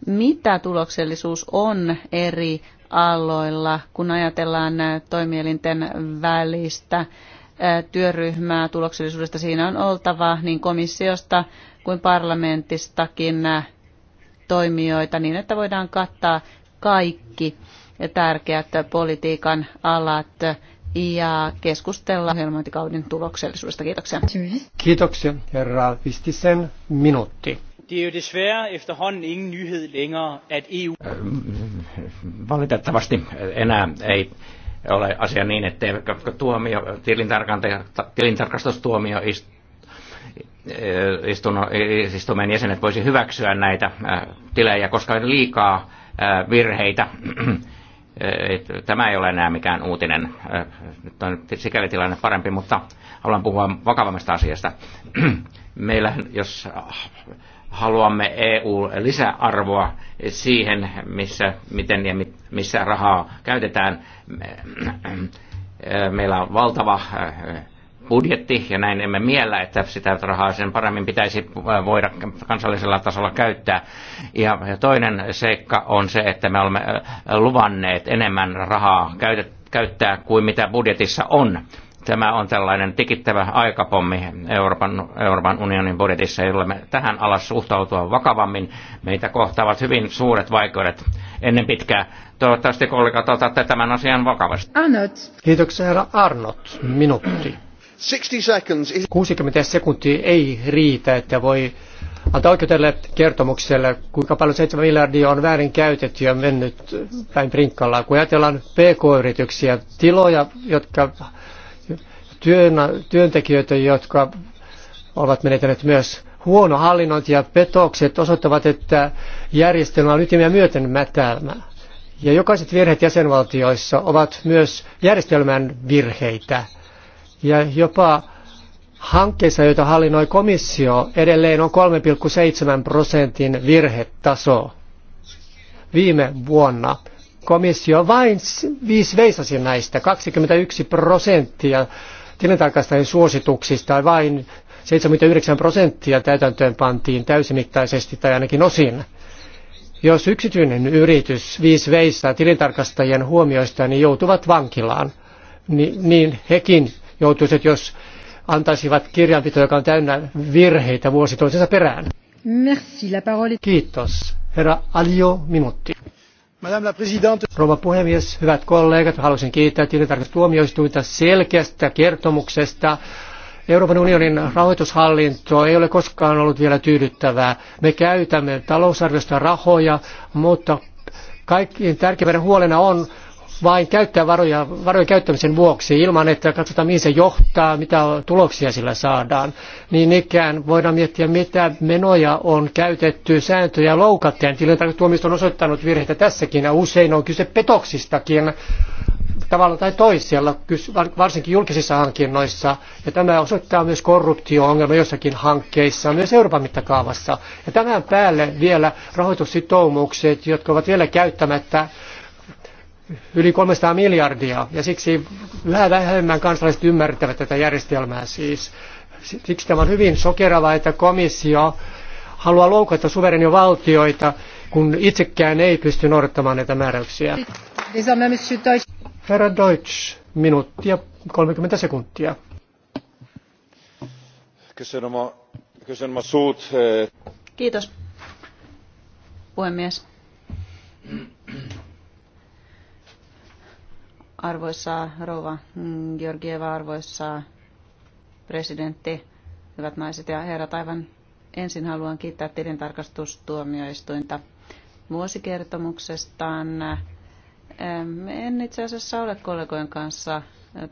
mitä tuloksellisuus on eri aloilla, kun ajatellaan äh, toimielinten välistä äh, työryhmää tuloksellisuudesta. Siinä on oltava niin komissiosta kuin parlamentistakin äh, toimijoita niin, että voidaan kattaa kaikki tärkeät politiikan alat ja keskustella ohjelmointikauden tuloksellisuudesta. Kiitoksia. Kiitoksia, herra Vistisen. Minuutti. Det er jo desværre efterhånden ingen nyhed længere, at EU valitettavasti enää ei ole asia niin, että tuomio, tilintarkastustuomio eh, istunnon jäsenet voisi hyväksyä näitä eh, tilejä, koska on liikaa eh, virheitä. Tämä ei ole enää mikään uutinen. Nyt on sikäli tilanne parempi, mutta haluan puhua vakavammasta asiasta. Meillä, jos haluamme EU-lisäarvoa siihen, missä, miten ja missä rahaa käytetään. Äh, meillä on valtava äh, budjetti ja näin emme miellä, että sitä rahaa sen paremmin pitäisi äh, voida kansallisella tasolla käyttää. Ja toinen seikka on se, että me olemme luvanneet enemmän rahaa käyttää kuin mitä budjetissa on Tämä on tällainen tikittävä aikapommi Euroopan, Euroopan unionin budjetissa, jolla me tähän alas suhtautua vakavammin. Meitä kohtaavat hyvin suuret vaikeudet ennen pitkää. Toivottavasti kollegat otatte tämän asian vakavasti. Arnott. Kiitoksia herra Arnott. Minuutti. 60 sekuntia ei riitä, että voi antaa oikeudelle kertomukselle, kuinka paljon 7 miljardia on väärin käytetty ja mennyt päin prinkkallaan. Kun ajatellaan pk-yrityksiä, tiloja, jotka työn, työntekijöitä, jotka ovat menetäneet myös huono hallinnointi ja petokset osoittavat, että järjestelmä on ytimiä myöten mätäämä. Ja jokaiset virheet jäsenvaltioissa ovat myös järjestelmän virheitä. Ja jopa hankkeissa, joita hallinnoi komissio, edelleen on 3,7 prosentin virhetaso. Viime vuonna komissio vain viisi veisasi näistä, 21 prosenttia tilintarkastajien suosituksista vain 79 prosenttia täytäntöön pantiin täysimittaisesti tai ainakin osin. Jos yksityinen yritys viis veistää tilintarkastajien huomioista, niin joutuvat vankilaan. Ni, niin hekin joutuisivat, jos antaisivat kirjanpito, joka on täynnä virheitä vuosi toisensa perään. Merci, la parole... Kiitos. Herra Alio, minuutti. Rouva puhemies, hyvät kollegat, haluaisin kiittää tilintarkastustuomioistuinta selkeästä kertomuksesta. Euroopan unionin rahoitushallinto ei ole koskaan ollut vielä tyydyttävää. Me käytämme talousarviosta rahoja, mutta kaikkein tärkeimpänä huolena on, vain käyttää varoja, varojen käyttämisen vuoksi ilman, että katsotaan mihin se johtaa, mitä tuloksia sillä saadaan, niin ikään voidaan miettiä, mitä menoja on käytetty sääntöjä loukaten. Tilintarkastuomioistuin on osoittanut virheitä tässäkin ja usein on kyse petoksistakin tavalla tai toisella, varsinkin julkisissa hankinnoissa. Ja tämä osoittaa myös korruptio-ongelma jossakin hankkeissa, myös Euroopan mittakaavassa. Ja tämän päälle vielä rahoitussitoumukset, jotka ovat vielä käyttämättä yli 300 miljardia, ja siksi yhä vähemmän kansalaiset ymmärtävät tätä järjestelmää siis. Siksi tämä on hyvin sokerava, että komissio haluaa loukata suverenia valtioita, kun itsekään ei pysty noudattamaan näitä määräyksiä. Herra Deutsch, minuuttia 30 sekuntia. Eh. Kiitos, puhemies Arvoisa rouva Georgieva, arvoisa presidentti, hyvät naiset ja herrat, aivan ensin haluan kiittää tilintarkastustuomioistuinta vuosikertomuksestaan. En itse asiassa ole kollegojen kanssa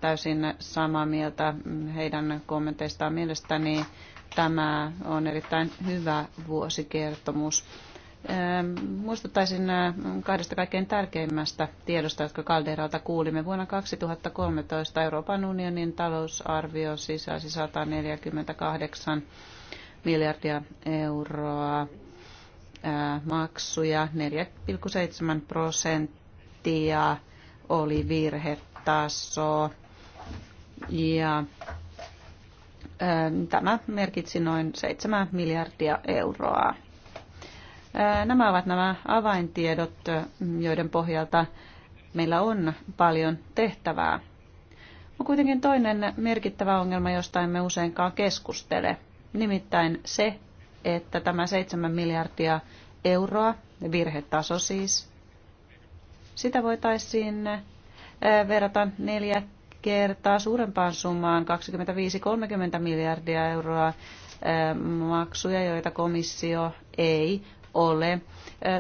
täysin samaa mieltä heidän kommenteistaan. Mielestäni tämä on erittäin hyvä vuosikertomus. Ehm, muistuttaisin ehm, kahdesta kaikkein tärkeimmästä tiedosta, jotka Kalderalta kuulimme. Vuonna 2013 Euroopan unionin talousarvio sisälsi 148 miljardia euroa ehm, maksuja, 4,7 prosenttia oli virhetaso. Ja tämä merkitsi noin 7 miljardia euroa Nämä ovat nämä avaintiedot, mm, joiden pohjalta meillä on paljon tehtävää. On kuitenkin toinen merkittävä ongelma, josta emme useinkaan keskustele, nimittäin se, että tämä 7 miljardia euroa, virhetaso siis, sitä voitaisiin verrata neljä kertaa suurempaan summaan 25-30 miljardia euroa maksuja, joita komissio ei ole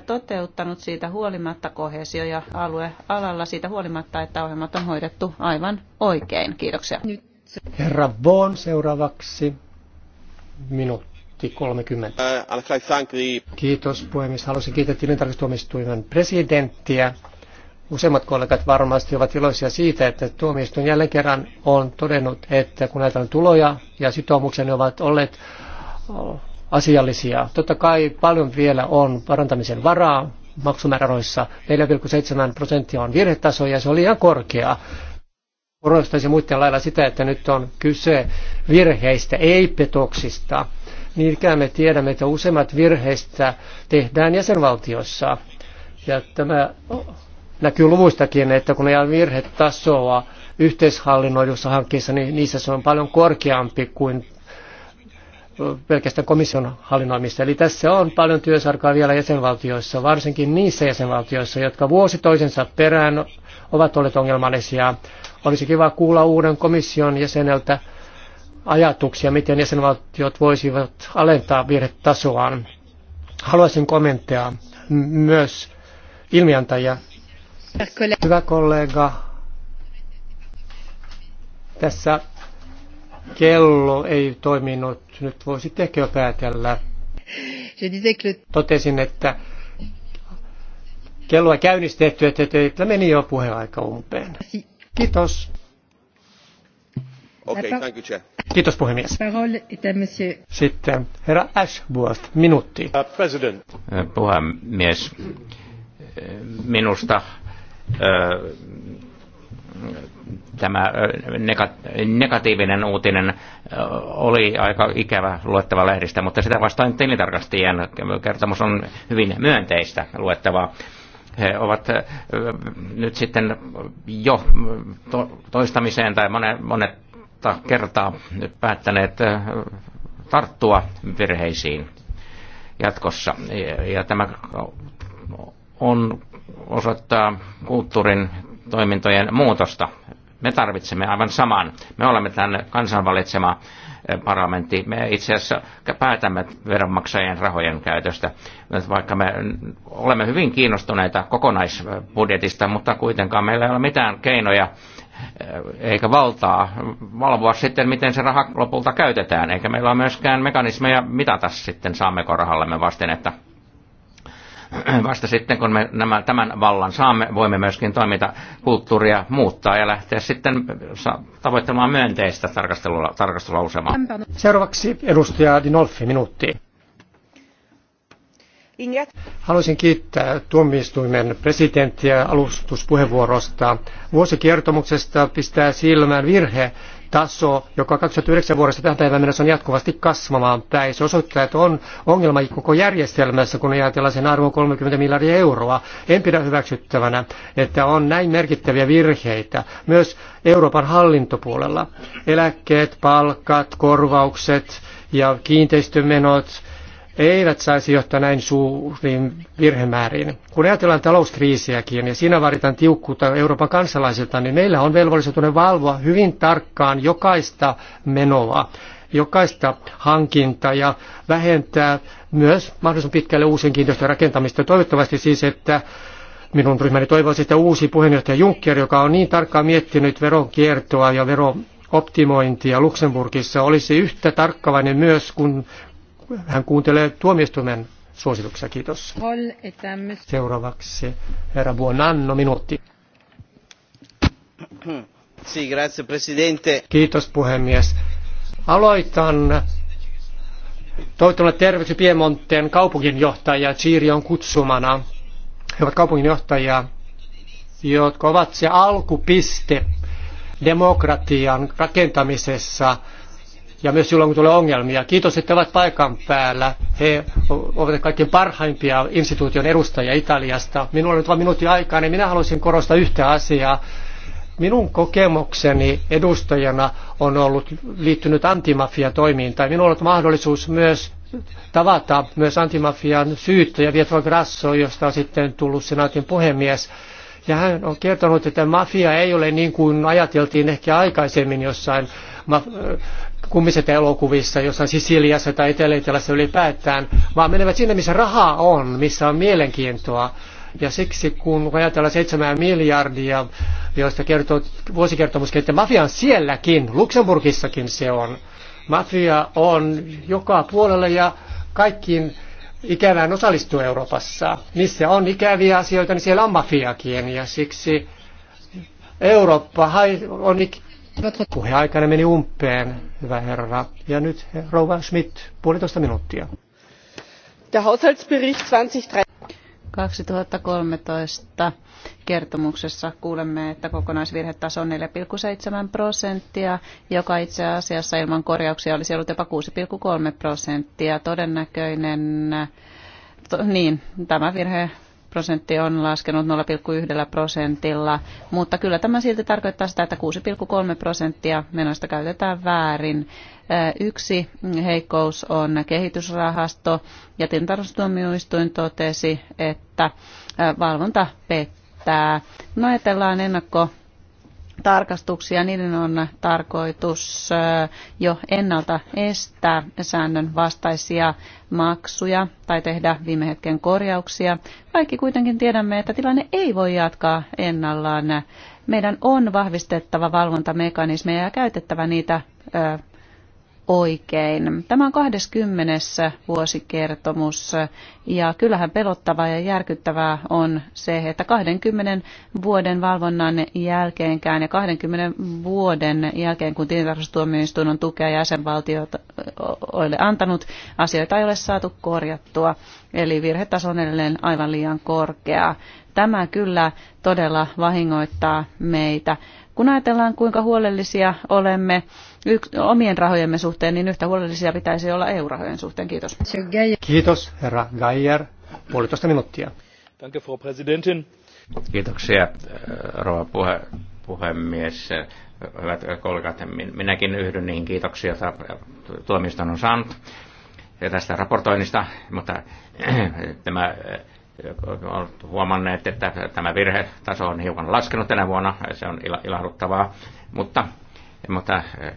toteuttanut siitä huolimatta kohesio- ja aluealalla siitä huolimatta, että ohjelmat on hoidettu aivan oikein. Kiitoksia. Herra Vaughan seuraavaksi minuutti 30. Kiitos puhemies. Haluaisin kiittää tilintarkastustuomioistuimen presidenttiä. Useimmat kollegat varmasti ovat iloisia siitä, että tuomioistuin jälleen kerran on todennut, että kun on tuloja ja sitoumuksia, ne ovat olleet asiallisia. Totta kai paljon vielä on parantamisen varaa maksumääräroissa. 4,7 prosenttia on virhetaso ja se oli ihan korkea. Korostaisin muiden lailla sitä, että nyt on kyse virheistä, ei petoksista. Niin ikään me tiedämme, että useimmat virheistä tehdään jäsenvaltiossa. Ja tämä näkyy luvuistakin, että kun ajan virhetasoa yhteishallinnoidussa hankkeessa, niin niissä se on paljon korkeampi kuin pelkästään komission hallinnoimista. Eli tässä on paljon työsarkaa vielä jäsenvaltioissa, varsinkin niissä jäsenvaltioissa, jotka vuosi toisensa perään ovat olleet ongelmallisia. Olisi kiva kuulla uuden komission jäseneltä ajatuksia, miten jäsenvaltiot voisivat alentaa virhetasoaan. Haluaisin kommentteja myös ilmiantajia. Hyvä kollega, tässä kello ei toiminut. Nyt voi sittenkin jo päätellä. Totesin, että kelloa käynnistetty, että meni jo puheaika umpeen. Kiitos. Okay, thank you, chair. Kiitos puhemies. Sitten herra Ashworth, minuutti. President. Puhemies, minusta tämä negatiivinen uutinen oli aika ikävä luettava lehdistä, mutta sitä vastaan tilintarkastajien kertomus on hyvin myönteistä luettavaa. He ovat nyt sitten jo toistamiseen tai monetta kertaa nyt päättäneet tarttua virheisiin jatkossa. Ja, ja tämä on osoittaa kulttuurin toimintojen muutosta. Me tarvitsemme aivan saman. Me olemme tänne kansanvalitsema eh, parlamentti. Me itse asiassa päätämme veronmaksajien rahojen käytöstä, vaikka me olemme hyvin kiinnostuneita kokonaisbudjetista, mutta kuitenkaan meillä ei ole mitään keinoja eh, eikä valtaa valvoa sitten, miten se raha lopulta käytetään, eikä meillä ole myöskään mekanismeja mitata sitten, saammeko rahallemme vasten, että Vasta sitten, kun me nämä, tämän vallan saamme, voimme myöskin toimita kulttuuria muuttaa ja lähteä sitten äh, tavoittamaan myönteistä tarkastelua, tarkastelua Seuraavaksi edustaja Dinolfi, minuutti. Haluaisin kiittää tuomioistuimen presidenttiä alustuspuheenvuorosta. Vuosikertomuksesta pistää silmään virhe, taso, joka 2009 vuodesta tähän päivään mennessä on jatkuvasti kasvamaan päin. Se osoittaa, että on ongelma koko järjestelmässä, kun ajatellaan sen arvo 30 miljardia euroa. En pidä hyväksyttävänä, että on näin merkittäviä virheitä myös Euroopan hallintopuolella. Eläkkeet, palkat, korvaukset ja kiinteistömenot, eivät saisi johtaa näin suuriin virhemääriin. Kun ajatellaan talouskriisiäkin ja siinä vaaditaan tiukkuutta Euroopan kansalaisilta, niin meillä on velvollisuuden valvoa hyvin tarkkaan jokaista menoa, jokaista hankintaa ja vähentää myös mahdollisimman pitkälle uusien kiinteistön rakentamista. Toivottavasti siis, että minun ryhmäni toivoisi, että uusi puheenjohtaja Juncker, joka on niin tarkkaan miettinyt veronkiertoa ja vero optimointia Luxemburgissa olisi yhtä tarkkavainen myös, kun hän kuuntelee tuomioistuimen suosituksia. Kiitos. Seuraavaksi herra Buonanno, minuutti. Kiitos puhemies. Aloitan toivottavasti terveyksi Piemonten kaupunginjohtaja Chirion kutsumana. He ovat kaupunginjohtajia, jotka ovat se alkupiste demokratian rakentamisessa – ja myös silloin, kun tulee ongelmia. Kiitos, että ovat paikan päällä. He ovat kaikkein parhaimpia instituution edustajia Italiasta. Minulla on nyt vain minuutin aikaa, niin minä haluaisin korostaa yhtä asiaa. Minun kokemukseni edustajana on ollut liittynyt antimafiatoimintaan. Minulla on ollut mahdollisuus myös tavata myös antimafian syyttäjä Vietro Grasso, josta on sitten tullut senaatin puhemies. Ja hän on kertonut, että mafia ei ole niin kuin ajateltiin ehkä aikaisemmin jossain kummiset elokuvissa, jossain Sisiliassa tai Etelä-Etelässä ylipäätään, vaan menevät sinne, missä rahaa on, missä on mielenkiintoa. Ja siksi kun ajatellaan 7 miljardia, joista kertoo vuosikertomuskin, että mafia on sielläkin, Luxemburgissakin se on. Mafia on joka puolella ja kaikkiin ikävään osallistuu Euroopassa. Missä on ikäviä asioita, niin siellä on mafiakin ja siksi Eurooppa on Puheaikana meni umpeen, hyvä herra. Ja nyt rouva Schmidt, puolitoista minuuttia. 2013 kertomuksessa kuulemme, että kokonaisvirhetaso on 4,7 prosenttia, joka itse asiassa ilman korjauksia olisi ollut jopa 6,3 prosenttia. Todennäköinen, to, niin, tämä virhe prosentti on laskenut 0,1 prosentilla, mutta kyllä tämä silti tarkoittaa sitä, että 6,3 prosenttia menoista käytetään väärin. Yksi heikkous on kehitysrahasto ja tintarustuomioistuin totesi, että valvonta pettää. No ajatellaan ennakko tarkastuksia, niiden on tarkoitus jo ennalta estää säännön vastaisia maksuja tai tehdä viime hetken korjauksia. Kaikki kuitenkin tiedämme, että tilanne ei voi jatkaa ennallaan. Meidän on vahvistettava valvontamekanismeja ja käytettävä niitä oikein. Tämä on 20. vuosikertomus ja kyllähän pelottavaa ja järkyttävää on se, että 20 vuoden valvonnan jälkeenkään ja 20 vuoden jälkeen, kun tilintarkastustuomioistuin on tukea jäsenvaltioille antanut, asioita ei ole saatu korjattua. Eli virhetaso on edelleen aivan liian korkea. Tämä kyllä todella vahingoittaa meitä. Kun ajatellaan, kuinka huolellisia olemme, omien rahojemme suhteen, niin yhtä huolellisia pitäisi olla EU-rahojen suhteen. Kiitos. Kiitos, herra Geier. Puolitoista minuuttia. Danke, Frau Präsidentin. Kiitoksia, äh, rouva puhe, puhemies. Hyvät kollegat, minäkin yhdyn niihin kiitoksia, joita tuomiston on saanut tästä raportoinnista, mutta tämä äh, olet huomanneet, että tämä virhetaso on hiukan laskenut tänä vuonna, se on ilahduttavaa, mutta mutta, eh,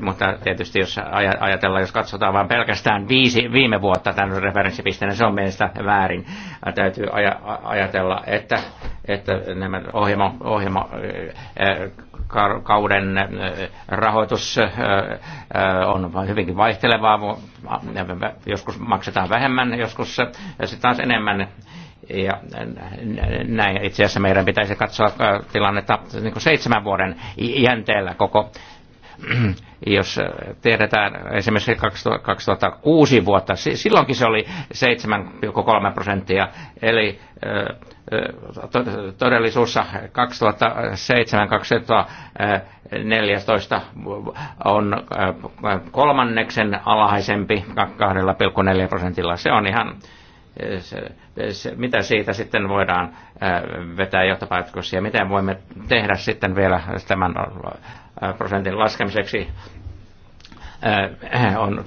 mutta tietysti jos ajatellaan, jos katsotaan vain pelkästään viisi, viime vuotta tämän referenssipisteen, se on mielestä väärin. Täytyy ajatella, että, että nämä ohjelma, ohjelma eh, eh, kauden rahoitus on hyvinkin vaihtelevaa. Joskus maksetaan vähemmän, joskus sitten taas enemmän ja näin itse asiassa meidän pitäisi katsoa äh, tilannetta niin kuin seitsemän vuoden jänteellä koko jos äh, tiedetään esimerkiksi 2006 vuotta, silloinkin se oli 7,3 prosenttia, eli äh, todellisuussa 2007-2014 on kolmanneksen alhaisempi 2,4 prosentilla. Se on ihan se, se, mitä siitä sitten voidaan vetää johtopäätöksiä, miten voimme tehdä sitten vielä tämän prosentin laskemiseksi on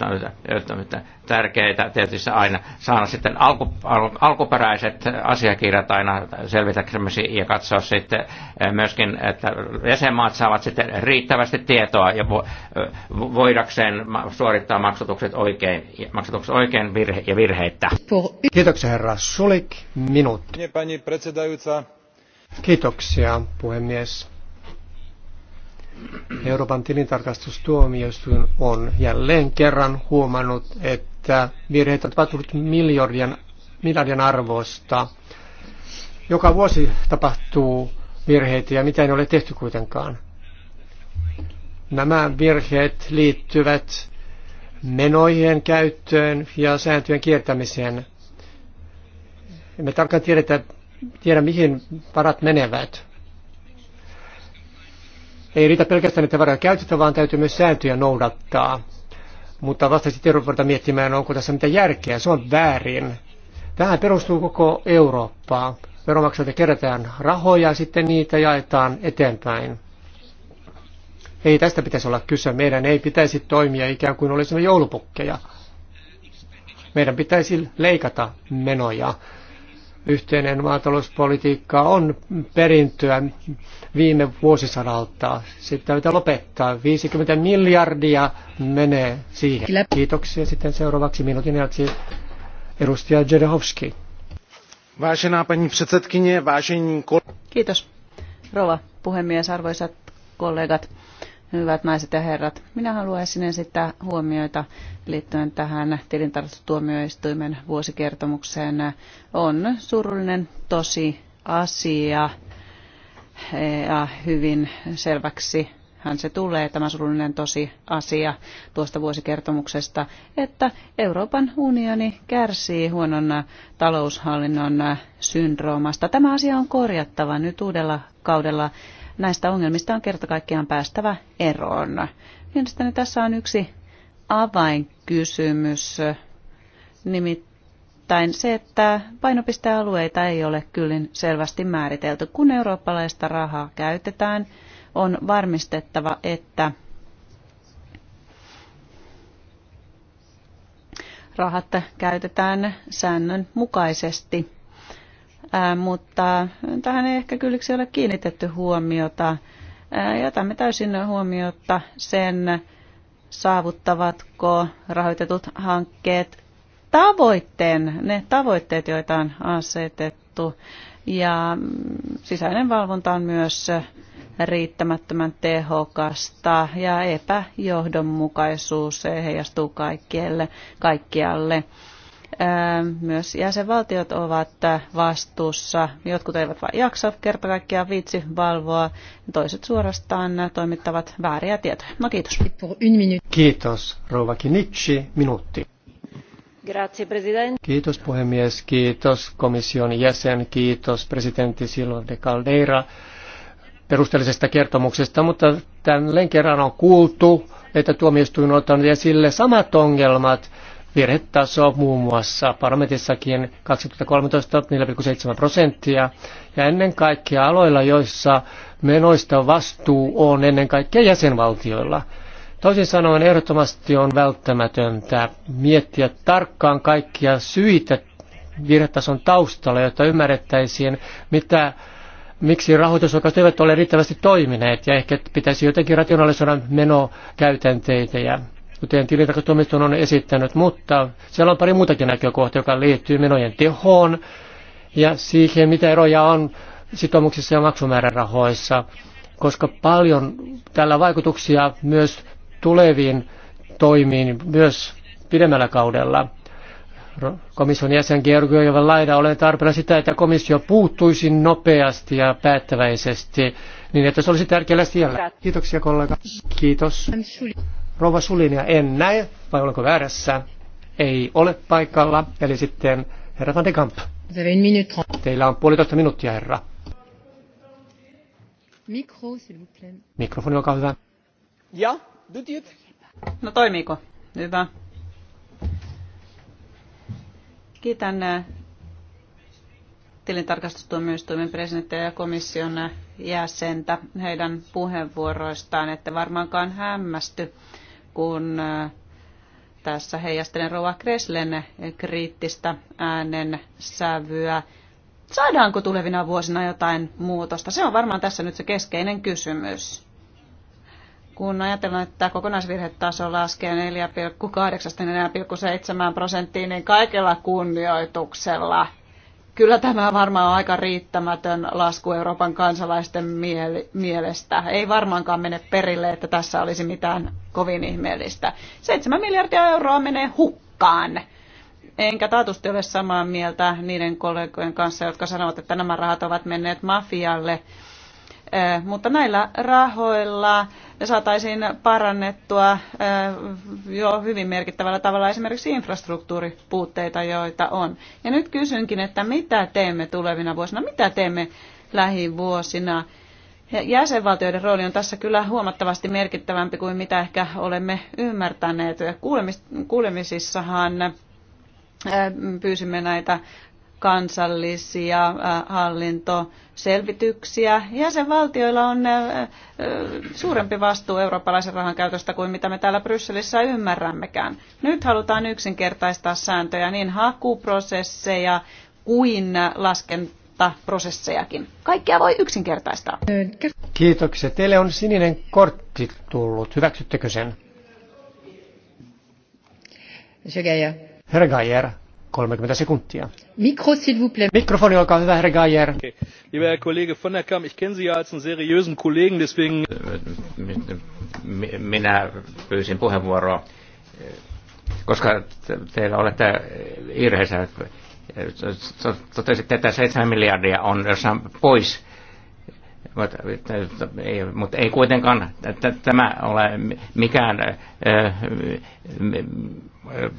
tärkeää tietysti aina saada sitten alku, alkuperäiset asiakirjat aina selvitäksemme ja katsoa sitten myöskin, että jäsenmaat saavat sitten riittävästi tietoa ja voidakseen suorittaa maksatukset oikein, maksatukset oikein virhe ja virheitä. Kiitoksia herra Sulik. Minuutti. Kiitoksia puhemies Euroopan tilintarkastustuomioistuin on jälleen kerran huomannut, että virheet ovat tapahtunut miljardien, miljardien arvosta. Joka vuosi tapahtuu virheitä ja mitä ei ole tehty kuitenkaan. Nämä virheet liittyvät menojen käyttöön ja sääntöjen kiertämiseen. Me tarkkaan tiedetä, tiedä, mihin varat menevät. Ei riitä pelkästään, että varoja käytetään, vaan täytyy myös sääntöjä noudattaa. Mutta vasta sitten Euroopalta miettimään, onko tässä mitä järkeä. Se on väärin. Tähän perustuu koko Eurooppaa. Veromaksilta kerätään rahoja ja sitten niitä jaetaan eteenpäin. Ei tästä pitäisi olla kyse. Meidän ei pitäisi toimia ikään kuin olisimme joulupukkeja. Meidän pitäisi leikata menoja. Yhteinen maatalouspolitiikka on perintöä viime vuosisadalta. Sitten täytyy lopettaa. 50 miljardia menee siihen. Kiitoksia. Sitten seuraavaksi minuutin jälkeen edustaja Jerehovski. Kiitos. Rova puhemies, arvoisat kollegat, hyvät naiset ja herrat. Minä haluaisin esittää huomioita liittyen tähän tilintarkastustuomioistuimen vuosikertomukseen. On surullinen tosi asia, ja hyvin selväksi hän se tulee, tämä surullinen tosi asia tuosta vuosikertomuksesta, että Euroopan unioni kärsii huonon taloushallinnon syndroomasta. Tämä asia on korjattava nyt uudella kaudella. Näistä ongelmista on kerta kaikkiaan päästävä eroon. Mielestäni tässä on yksi avainkysymys, nimittäin Nimittäin se, että painopistealueita ei ole kyllin selvästi määritelty. Kun eurooppalaista rahaa käytetään, on varmistettava, että rahat käytetään säännön mukaisesti. Ää, mutta tähän ei ehkä kylliksi ole kiinnitetty huomiota. Ää, jätämme täysin huomiota sen, saavuttavatko rahoitetut hankkeet tavoitteen, ne tavoitteet, joita on asetettu. Ja sisäinen valvonta on myös riittämättömän tehokasta ja epäjohdonmukaisuus heijastuu kaikkialle. kaikkialle. Myös jäsenvaltiot ovat vastuussa. Jotkut eivät vain jaksa kerta kaikkiaan viitsi valvoa, toiset suorastaan toimittavat vääriä tietoja. No kiitos. Kiitos, rouva Kinitsi. Minuutti. Kiitos puhemies, kiitos komission jäsen, kiitos presidentti Silva de Caldeira perusteellisesta kertomuksesta, mutta tälleen kerran on kuultu, että tuomioistuin on ottanut esille samat ongelmat, virhetaso muun muassa parlamentissakin 2013 4,7 prosenttia ja ennen kaikkea aloilla, joissa menoista vastuu on ennen kaikkea jäsenvaltioilla – Toisin sanoen ehdottomasti on välttämätöntä miettiä tarkkaan kaikkia syitä virhetason taustalla, jotta ymmärrettäisiin, mitä, miksi rahoitusoikeudet eivät ole riittävästi toimineet ja ehkä pitäisi jotenkin rationalisoida menokäytänteitä ja kuten tilintarkastustoimiston on esittänyt, mutta siellä on pari muutakin näkökohtia, joka liittyy menojen tehoon ja siihen, mitä eroja on sitoumuksissa ja maksumäärärahoissa, koska paljon tällä vaikutuksia myös tuleviin toimiin myös pidemmällä kaudella. Komission jäsen Georgiovan laida olen tarpeella sitä, että komissio puuttuisi nopeasti ja päättäväisesti, niin että se olisi tärkeällä siellä. Kiitoksia kollega. Kiitos. Rouva Sulinia en näe, vai olenko väärässä? Ei ole paikalla, eli sitten herra Van de Kamp. Teillä on puolitoista minuuttia, herra. Mikrofoni, olkaa hyvä. Ja, No toimiiko? Hyvä. Kiitän eh, tilintarkastustuomioistuimen presidenttiä ja komission eh, jäsentä heidän puheenvuoroistaan, että varmaankaan hämmästy, kun eh, tässä heijastelen Rova Kreslen kriittistä äänen sävyä. Saadaanko tulevina vuosina jotain muutosta? Se on varmaan tässä nyt se keskeinen kysymys kun ajatellaan, että kokonaisvirhetaso laskee 4,8-4,7 prosenttiin, niin kaikella kunnioituksella kyllä tämä varmaan on aika riittämätön lasku Euroopan kansalaisten miel mielestä. Ei varmaankaan mene perille, että tässä olisi mitään kovin ihmeellistä. 7 miljardia euroa menee hukkaan. Enkä taatusti ole samaa mieltä niiden kollegojen kanssa, jotka sanovat, että nämä rahat ovat menneet mafialle mutta näillä rahoilla saataisiin parannettua jo hyvin merkittävällä tavalla esimerkiksi infrastruktuuripuutteita, joita on. Ja nyt kysynkin, että mitä teemme tulevina vuosina, mitä teemme lähivuosina. Jäsenvaltioiden rooli on tässä kyllä huomattavasti merkittävämpi kuin mitä ehkä olemme ymmärtäneet. Kuulemisissahan pyysimme näitä kansallisia äh, hallintoselvityksiä. Jäsenvaltioilla on äh, äh, suurempi vastuu eurooppalaisen rahan käytöstä kuin mitä me täällä Brysselissä ymmärrämmekään. Nyt halutaan yksinkertaistaa sääntöjä niin hakuprosesseja kuin laskentaprosessejakin. Kaikkea voi yksinkertaistaa. Kiitoksia. Teille on sininen kortti tullut. Hyväksyttekö sen? Herra Gajera. 30 sekuntia. Mikro, s'il vous plaît. Mikrofoni, olkaa hyvä, herra Geier. Okay. Lieber Herr Kollege von der Kamp, ich kenne Sie ja als einen seriösen Kollegen, deswegen... Minä pyysin puheenvuoroa, koska teillä olette irheisä. Totesitte, että 7 miljardia on jossain pois ei, mutta ei kuitenkaan tämä ole mikään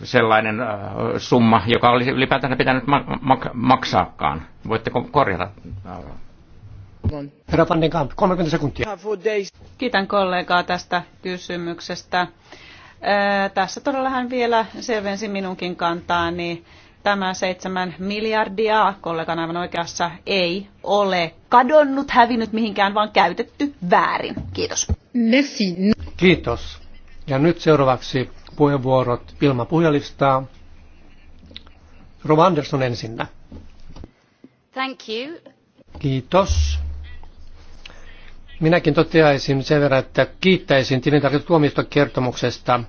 sellainen summa, joka olisi ylipäätään pitänyt maksaakaan. Voitteko korjata? Herra Kamp, 30 sekuntia. Kiitän kollegaa tästä kysymyksestä. Tässä todella hän vielä selvensi minunkin kantaani. Niin tämä seitsemän miljardia, kollegan aivan oikeassa, ei ole kadonnut, hävinnyt mihinkään, vaan käytetty väärin. Kiitos. Merci. Kiitos. Ja nyt seuraavaksi puheenvuorot ilman puhujalistaa. Rova Andersson ensinnä. Thank you. Kiitos. Minäkin toteaisin sen verran, että kiittäisin tilintarkastustuomioistuimen kertomuksesta.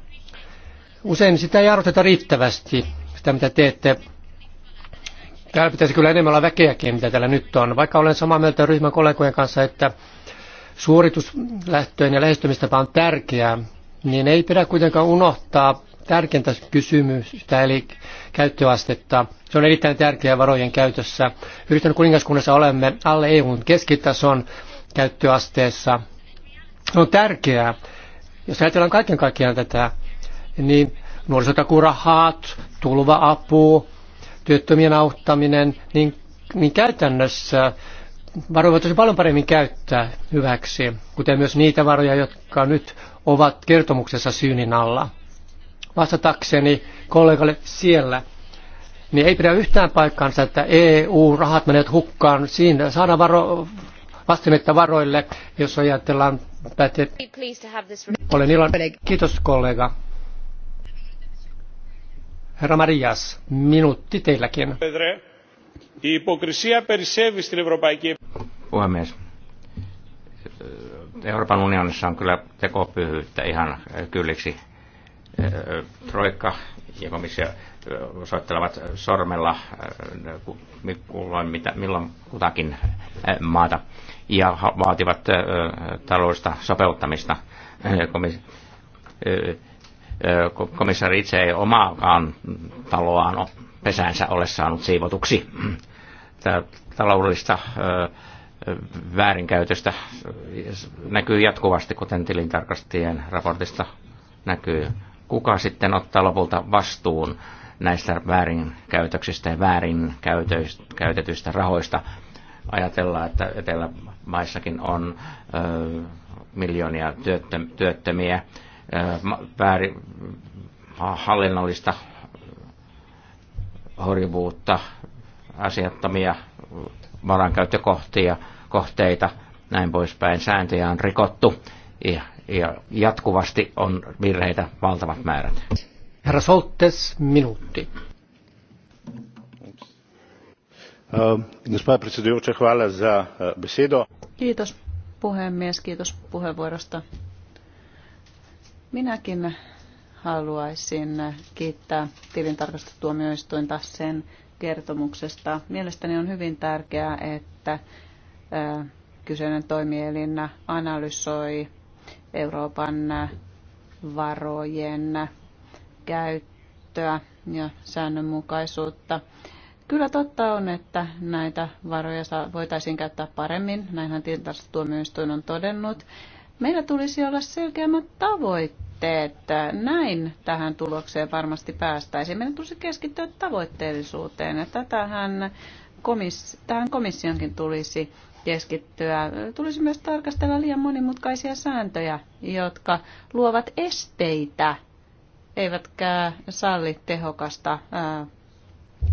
Usein sitä ei arvoteta riittävästi sitä, mitä teette. Täällä pitäisi kyllä enemmän olla väkeäkin, mitä täällä nyt on. Vaikka olen samaa mieltä ryhmän kollegojen kanssa, että suorituslähtöön ja lähestymistapa on tärkeää, niin ei pidä kuitenkaan unohtaa tärkeintä kysymystä, eli käyttöastetta. Se on erittäin tärkeää varojen käytössä. Yritän kuningaskunnassa olemme alle EUn keskitason käyttöasteessa. Se on tärkeää. Jos ajatellaan kaiken kaikkiaan tätä, niin nuorisotakurahat, tulva-apu, työttömien auttaminen, niin, niin käytännössä varoja voitaisiin paljon paremmin käyttää hyväksi, kuten myös niitä varoja, jotka nyt ovat kertomuksessa syynin alla. Vastatakseni kollegalle siellä, niin ei pidä yhtään paikkaansa, että EU-rahat menevät hukkaan. Siinä saadaan varo, vastinetta varoille, jos ajatellaan että. Olen iloinen. Kiitos kollega. Herra Marias, minuutti teilläkin. Puhemies. Euroopan unionissa on kyllä tekopyhyyttä ihan äh, kylliksi. Äh, Troikka ja komissio äh, osoittelevat sormella milloin, mitä, milloin kutakin maata ja vaativat taloudellista sopeuttamista. Komissio komissaari itse ei omaakaan taloaan pesänsä ole saanut siivotuksi. Tämä taloudellista väärinkäytöstä näkyy jatkuvasti, kuten tilintarkastajien raportista näkyy. Kuka sitten ottaa lopulta vastuun näistä väärinkäytöksistä ja väärinkäytetyistä rahoista? Ajatellaan, että etelämaissakin on ö, miljoonia työttömiä väärin, hallinnollista horjuvuutta, asiattomia varankäyttökohtia, kohteita, näin poispäin. Sääntöjä on rikottu ja, ja jatkuvasti on virheitä valtavat määrät. Herra Soltes, minuutti. Um, uh, kiitos puhemies, kiitos puheenvuorosta. Minäkin haluaisin kiittää tilintarkastustuomioistuinta sen kertomuksesta. Mielestäni on hyvin tärkeää, että kyseinen toimielin analysoi Euroopan varojen käyttöä ja säännönmukaisuutta. Kyllä totta on, että näitä varoja voitaisiin käyttää paremmin, näinhän tilintarkastustuomioistuin on todennut. Meillä tulisi olla selkeämmät tavoitteet että Näin tähän tulokseen varmasti päästäisiin. Meidän tulisi keskittyä tavoitteellisuuteen ja tätähän komiss- tähän komissionkin tulisi keskittyä. Tulisi myös tarkastella liian monimutkaisia sääntöjä, jotka luovat esteitä, eivätkä salli tehokasta ää,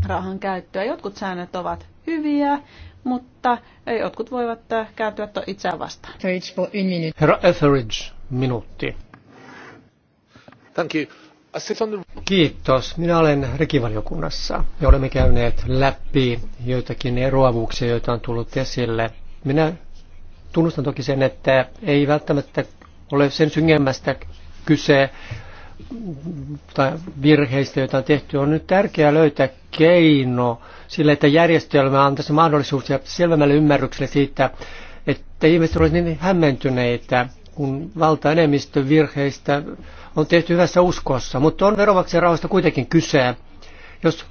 rahan käyttöä. Jotkut säännöt ovat hyviä, mutta jotkut voivat kääntyä itseään vastaan. Herra Etheridge, minuutti. Kiitos. Minä olen rekivaliokunnassa ja olemme käyneet läpi joitakin eroavuuksia, joita on tullut esille. Minä tunnustan toki sen, että ei välttämättä ole sen syngemmästä kyse tai virheistä, joita on tehty. On nyt tärkeää löytää keino sille, että järjestelmä antaisi mahdollisuuksia selvemmälle ymmärrykselle siitä, että ihmiset olisivat niin hämmentyneitä kun valtaenemmistö virheistä on tehty hyvässä uskossa, mutta on veronmaksajan rahoista kuitenkin kyse. Jos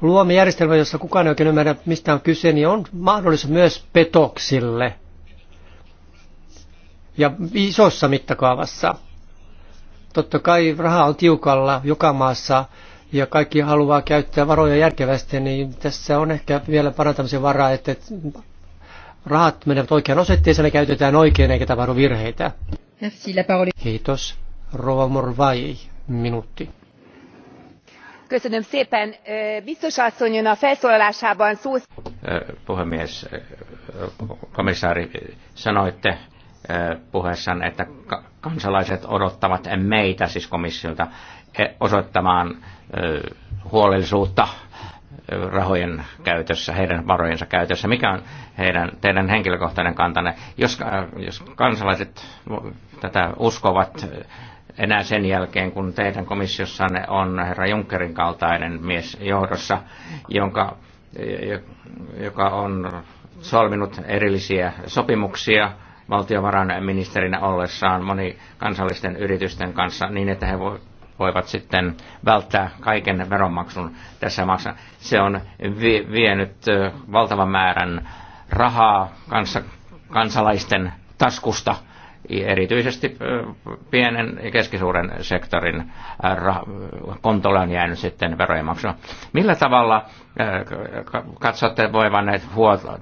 luomme järjestelmä, jossa kukaan ei oikein ymmärrä, mistä on kyse, niin on mahdollisuus myös petoksille ja isossa mittakaavassa. Totta kai raha on tiukalla joka maassa ja kaikki haluaa käyttää varoja järkevästi, niin tässä on ehkä vielä parantamisen varaa, että rahat menevät oikeaan osoitteeseen ja käytetään oikein eikä tapahdu virheitä. Merci, la parole. Kiitos. Rova Morvai, minuutti. Köszönöm szépen. Biztos asszony a felszólalásában szó... Puhemies, komissaari, sanoitte puheessaan, että kansalaiset odottavat meitä, siis komissiolta, e, osoittamaan huolellisuutta rahojen käytössä, heidän varojensa käytössä? Mikä on heidän, teidän henkilökohtainen kantanne? Jos, jos kansalaiset tätä uskovat enää sen jälkeen, kun teidän komissiossanne on herra Junckerin kaltainen mies johdossa, jonka, joka on solminut erillisiä sopimuksia valtiovarainministerinä ollessaan moni kansallisten yritysten kanssa niin, että he voivat voivat sitten välttää kaiken veronmaksun tässä maassa. Se on vienyt valtavan määrän rahaa kanssa, kansalaisten taskusta, erityisesti pienen ja keskisuuren sektorin kontolle on jäänyt sitten verojen maksua. Millä tavalla katsotte voivan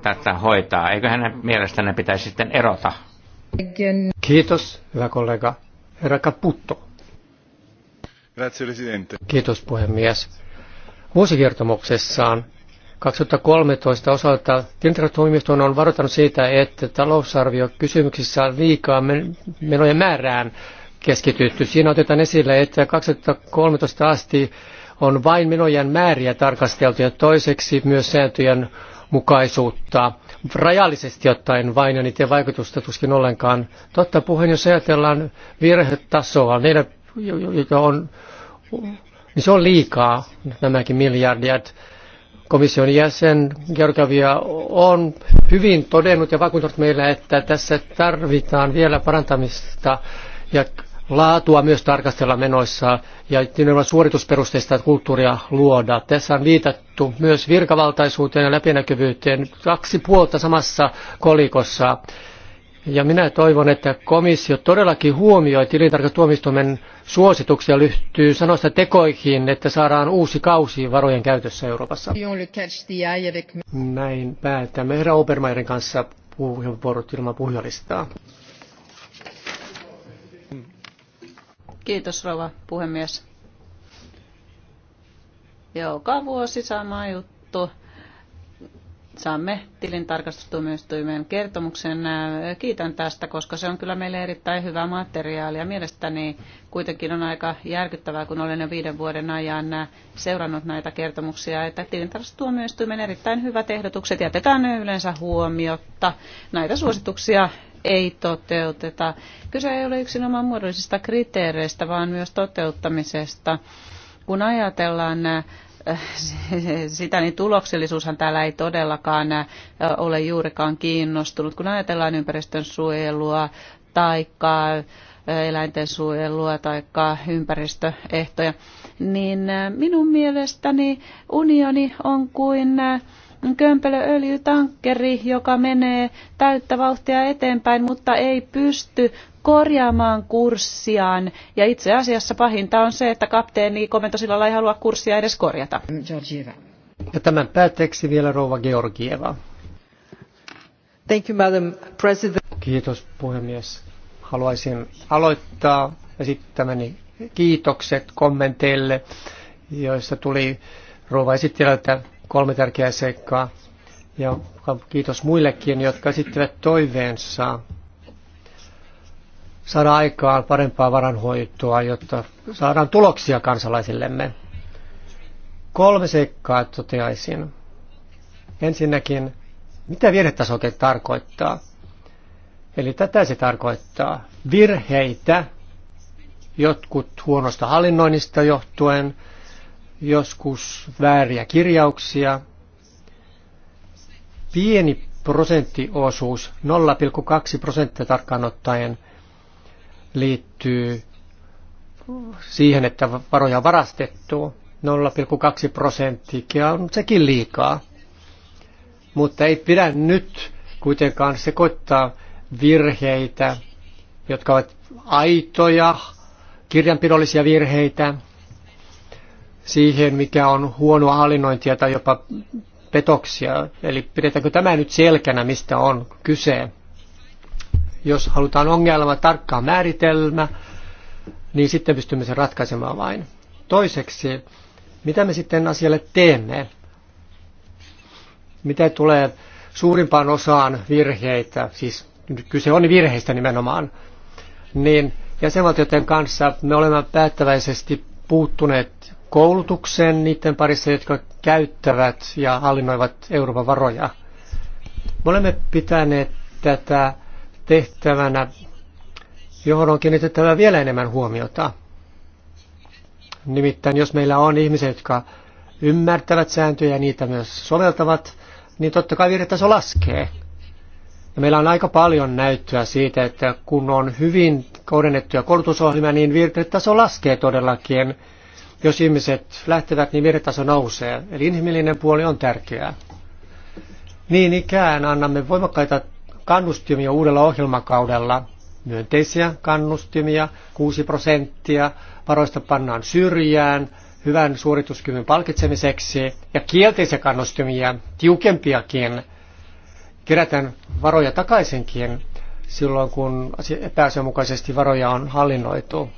tätä hoitaa? Eikö hänen mielestänne pitäisi sitten erota? Kiitos, hyvä kollega. Herra Kaputto. Kiitos puhemies. Vuosikertomuksessaan 2013 osalta Tintratoimiston on varoittanut siitä, että talousarvio kysymyksissä on liikaa menojen määrään keskitytty. Siinä otetaan esille, että 2013 asti on vain menojen määriä tarkasteltu ja toiseksi myös sääntöjen mukaisuutta. Rajallisesti ottaen vain ja niiden vaikutusta tuskin ollenkaan. Totta puheen, jos ajatellaan virhetasoa, meidän joka on, niin se on liikaa, nämäkin miljardit. Komission jäsen Georgiavia on hyvin todennut ja vakuuttanut meille, että tässä tarvitaan vielä parantamista ja laatua myös tarkastella menoissa ja nimenomaan suoritusperusteista kulttuuria luoda. Tässä on viitattu myös virkavaltaisuuteen ja läpinäkyvyyteen. Kaksi puolta samassa kolikossa. Ja minä toivon, että komissio todellakin huomioi tilintarkastuomistumen suosituksia lyhtyy sanoista tekoihin, että saadaan uusi kausi varojen käytössä Euroopassa. Näin päätämme herra Obermaiden kanssa puheenvuorot ilman puhujalistaa. Kiitos rouva puhemies. Joka vuosi sama juttu saamme tilintarkastustuomioistuimen kertomuksen. Kiitän tästä, koska se on kyllä meille erittäin hyvä materiaali ja Mielestäni kuitenkin on aika järkyttävää, kun olen jo viiden vuoden ajan seurannut näitä kertomuksia, että tilintarkastustuomioistuimen erittäin hyvät ehdotukset jätetään yleensä huomiotta. Näitä suosituksia ei toteuteta. Kyse ei ole yksinomaan muodollisista kriteereistä, vaan myös toteuttamisesta kun ajatellaan Eh, sitä, niin tuloksellisuushan täällä ei todellakaan eh, ole juurikaan kiinnostunut, kun ajatellaan ympäristön suojelua taikka eh, eläinten suojelua tai ympäristöehtoja, niin minun mielestäni unioni on kuin kömpelööljytankkeri, joka menee täyttä vauhtia eteenpäin, mutta ei pysty korjaamaan kurssiaan. Ja itse asiassa pahinta on se, että kapteeni komentosillalla ei halua kurssia edes korjata. Ja tämän päätteeksi vielä rouva Georgieva. Thank you, Madam President. Kiitos puhemies. Haluaisin aloittaa esittämäni kiitokset kommenteille, joissa tuli rouva esittelijältä kolme tärkeää seikkaa. Ja kiitos muillekin, jotka esittivät toiveensa saada aikaan parempaa varanhoitoa, jotta saadaan tuloksia kansalaisillemme. Kolme seikkaa toteaisin. Ensinnäkin, mitä virhetaso oikein tarkoittaa? Eli tätä se tarkoittaa. Virheitä, jotkut huonosta hallinnoinnista johtuen – joskus vääriä kirjauksia. Pieni prosenttiosuus, 0,2 prosenttia tarkkaan ottaen, liittyy siihen, että varoja on varastettu. 0,2 prosenttia on sekin liikaa. Mutta ei pidä nyt kuitenkaan sekoittaa virheitä, jotka ovat aitoja, kirjanpidollisia virheitä, siihen, mikä on huonoa hallinnointia tai jopa petoksia. Eli pidetäänkö tämä nyt selkänä, mistä on kyse? Jos halutaan ongelma tarkkaa määritelmä, niin sitten pystymme sen ratkaisemaan vain. Toiseksi, mitä me sitten asialle teemme? Mitä tulee suurimpaan osaan virheitä, siis kyse on virheistä nimenomaan, niin jäsenvaltioiden kanssa me olemme päättäväisesti puuttuneet koulutukseen niiden parissa, jotka käyttävät ja hallinnoivat Euroopan varoja. Me olemme pitäneet tätä tehtävänä, johon on kiinnitettävä vielä enemmän huomiota. Nimittäin jos meillä on ihmisiä, jotka ymmärtävät sääntöjä ja niitä myös soveltavat, niin totta kai virhetaso laskee. Ja meillä on aika paljon näyttöä siitä, että kun on hyvin kohdennettuja koulutusohjelmia, niin virhetaso laskee todellakin. Jos ihmiset lähtevät, niin virtaso nousee. Eli inhimillinen puoli on tärkeää. Niin ikään annamme voimakkaita kannustimia uudella ohjelmakaudella. Myönteisiä kannustimia, 6 prosenttia varoista pannaan syrjään hyvän suorituskyvyn palkitsemiseksi ja kielteisiä kannustimia, tiukempiakin, kerätään varoja takaisinkin silloin, kun epäasianmukaisesti varoja on hallinnoitu.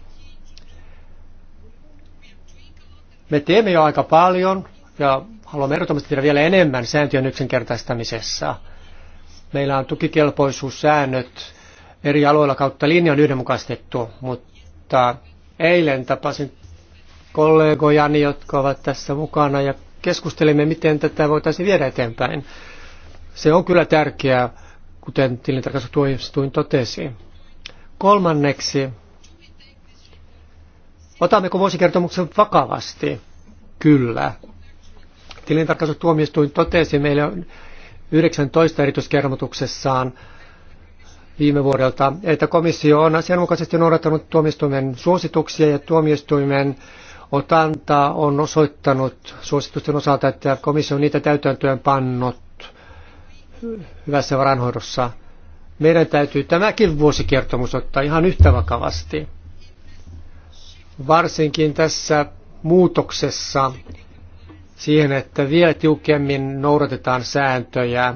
Me teemme jo aika paljon ja haluamme ehdottomasti tehdä vielä enemmän sääntöjen yksinkertaistamisessa. Meillä on tukikelpoisuussäännöt eri aloilla kautta linjan yhdenmukaistettu, mutta eilen tapasin kollegojani, jotka ovat tässä mukana ja keskustelimme, miten tätä voitaisiin viedä eteenpäin. Se on kyllä tärkeää, kuten tilintarkastustuomioistuin totesi. Kolmanneksi Otammeko vuosikertomuksen vakavasti? Kyllä. Tilintarkastustuomioistuin totesi meille 19 erityiskermotuksessaan viime vuodelta, että komissio on asianmukaisesti noudattanut tuomioistuimen suosituksia ja tuomioistuimen otanta on osoittanut suositusten osalta, että komissio on niitä täytäntöön pannut hyvässä varanhoidossa. Meidän täytyy tämäkin vuosikertomus ottaa ihan yhtä vakavasti varsinkin tässä muutoksessa siihen, että vielä tiukemmin noudatetaan sääntöjä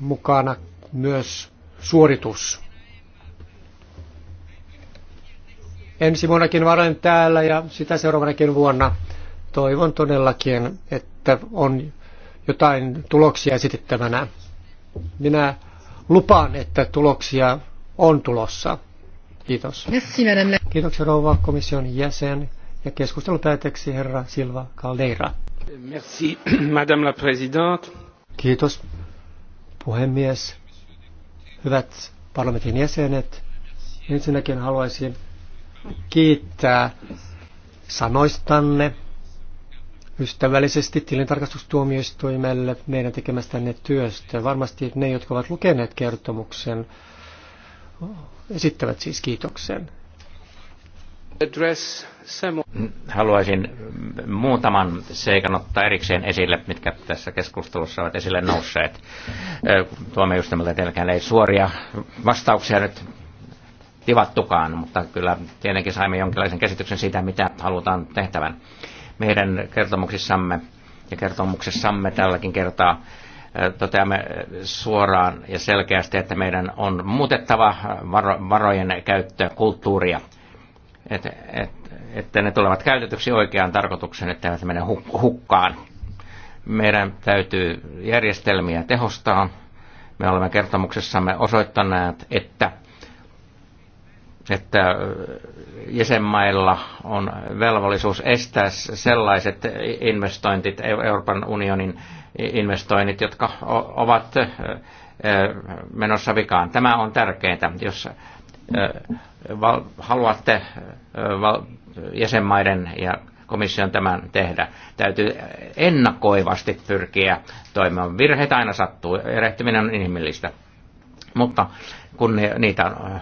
mukana myös suoritus. Ensi vuonnakin varen täällä ja sitä seuraavanakin vuonna toivon todellakin, että on jotain tuloksia esitettävänä. Minä lupaan, että tuloksia on tulossa. Kiitos. Merci, madame. Kiitoksia rouva komission jäsen ja keskustelupäätöksi herra Silva Caldeira. Merci, madame la présidente. Kiitos puhemies. Hyvät parlamentin jäsenet, ensinnäkin haluaisin kiittää sanoistanne ystävällisesti tilintarkastustuomioistuimelle meidän tekemästänne työstä. Varmasti ne, jotka ovat lukeneet kertomuksen, esittävät siis kiitoksen. Mm, haluaisin muutaman seikan ottaa erikseen esille, mitkä tässä keskustelussa ovat esille nousseet. Tuomioistuimelta tietenkään ei suoria vastauksia nyt tivattukaan, mutta kyllä tietenkin saimme jonkinlaisen käsityksen siitä, mitä halutaan tehtävän. Meidän kertomuksissamme ja kertomuksessamme tälläkin kertaa toteamme suoraan ja selkeästi, että meidän on muutettava varojen käyttökulttuuria, et, et, että ne tulevat käytetyksi oikeaan tarkoitukseen, että ne mene hukkaan. Meidän täytyy järjestelmiä tehostaa. Me olemme kertomuksessamme osoittaneet, että että jäsenmailla on velvollisuus estää sellaiset investointit Euroopan unionin investoinnit, jotka ovat menossa vikaan. Tämä on tärkeintä. Jos haluatte jäsenmaiden ja komission tämän tehdä. Täytyy ennakoivasti pyrkiä toimimaan. Virheitä aina sattuu, erehtyminen on inhimillistä. Mutta kun niitä on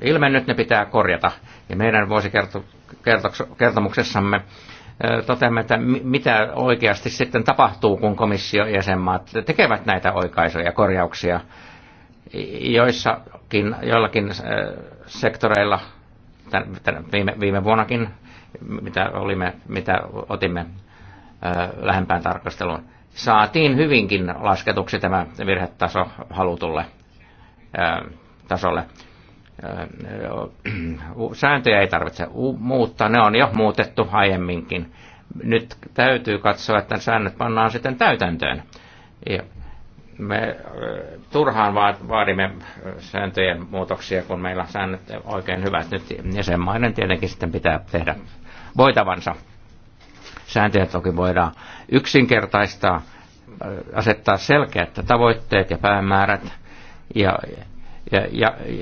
ilmennyt, ne pitää korjata. Ja meidän vuosikertomuksessamme toteamme, että mitä oikeasti sitten tapahtuu, kun komissio jäsenmaat tekevät näitä oikaisuja ja korjauksia. Joissakin, joillakin sektoreilla, tämän, viime, viime vuonnakin, mitä, olimme, mitä otimme lähempään tarkasteluun, saatiin hyvinkin lasketuksi tämä virhetaso halutulle tasolle sääntöjä ei tarvitse muuttaa, ne on jo muutettu aiemminkin. Nyt täytyy katsoa, että säännöt pannaan sitten täytäntöön. Ja me turhaan vaadimme sääntöjen muutoksia, kun meillä säännöt oikein hyvät. Nyt jäsenmaiden tietenkin sitten pitää tehdä voitavansa. Sääntöjä toki voidaan yksinkertaistaa, asettaa selkeät tavoitteet ja päämäärät ja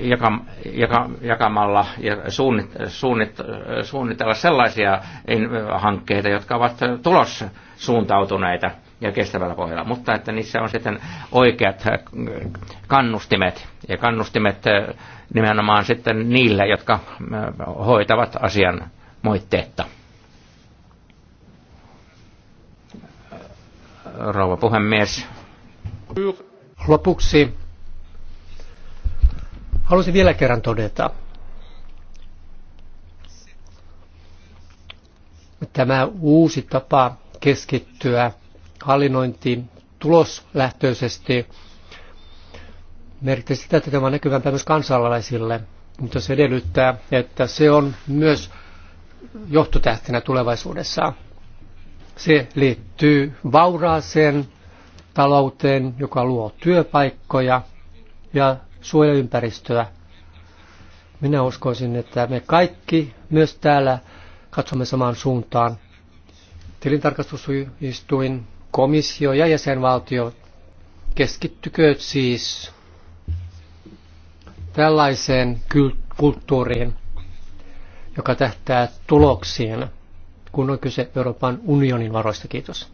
jaka, jaka, jakamalla ja suunnit, suunnit, suunnitella sellaisia eh, hankkeita, jotka ovat tulos suuntautuneita ja kestävällä pohjalla, mutta että niissä on sitten oikeat eh, kannustimet ja kannustimet eh, nimenomaan sitten niille, jotka hoitavat asian moitteetta. Rouva puhemies. Lopuksi Haluaisin vielä kerran todeta, tämä uusi tapa keskittyä hallinnointiin tuloslähtöisesti merkitsee sitä, että tämä on näkyvämpää myös kansalaisille, mutta se edellyttää, että se on myös johtotähtinä tulevaisuudessa. Se liittyy vauraaseen talouteen, joka luo työpaikkoja ja suojella Minä uskoisin, että me kaikki myös täällä katsomme samaan suuntaan. Tilintarkastusistuin, komissio ja jäsenvaltio keskittykööt siis tällaiseen kulttuuriin, joka tähtää tuloksiin, kun on kyse Euroopan unionin varoista. Kiitos.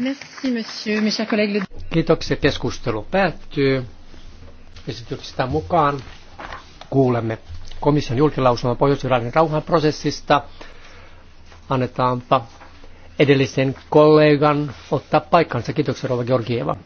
Merci, monsieur. Kiitoksia. Keskustelu päättyy esityksestä mukaan kuulemme komission julkilausuman Pohjois-Iranin rauhanprosessista. Annetaanpa edellisen kollegan ottaa paikkansa. Kiitoksia Rova Georgieva.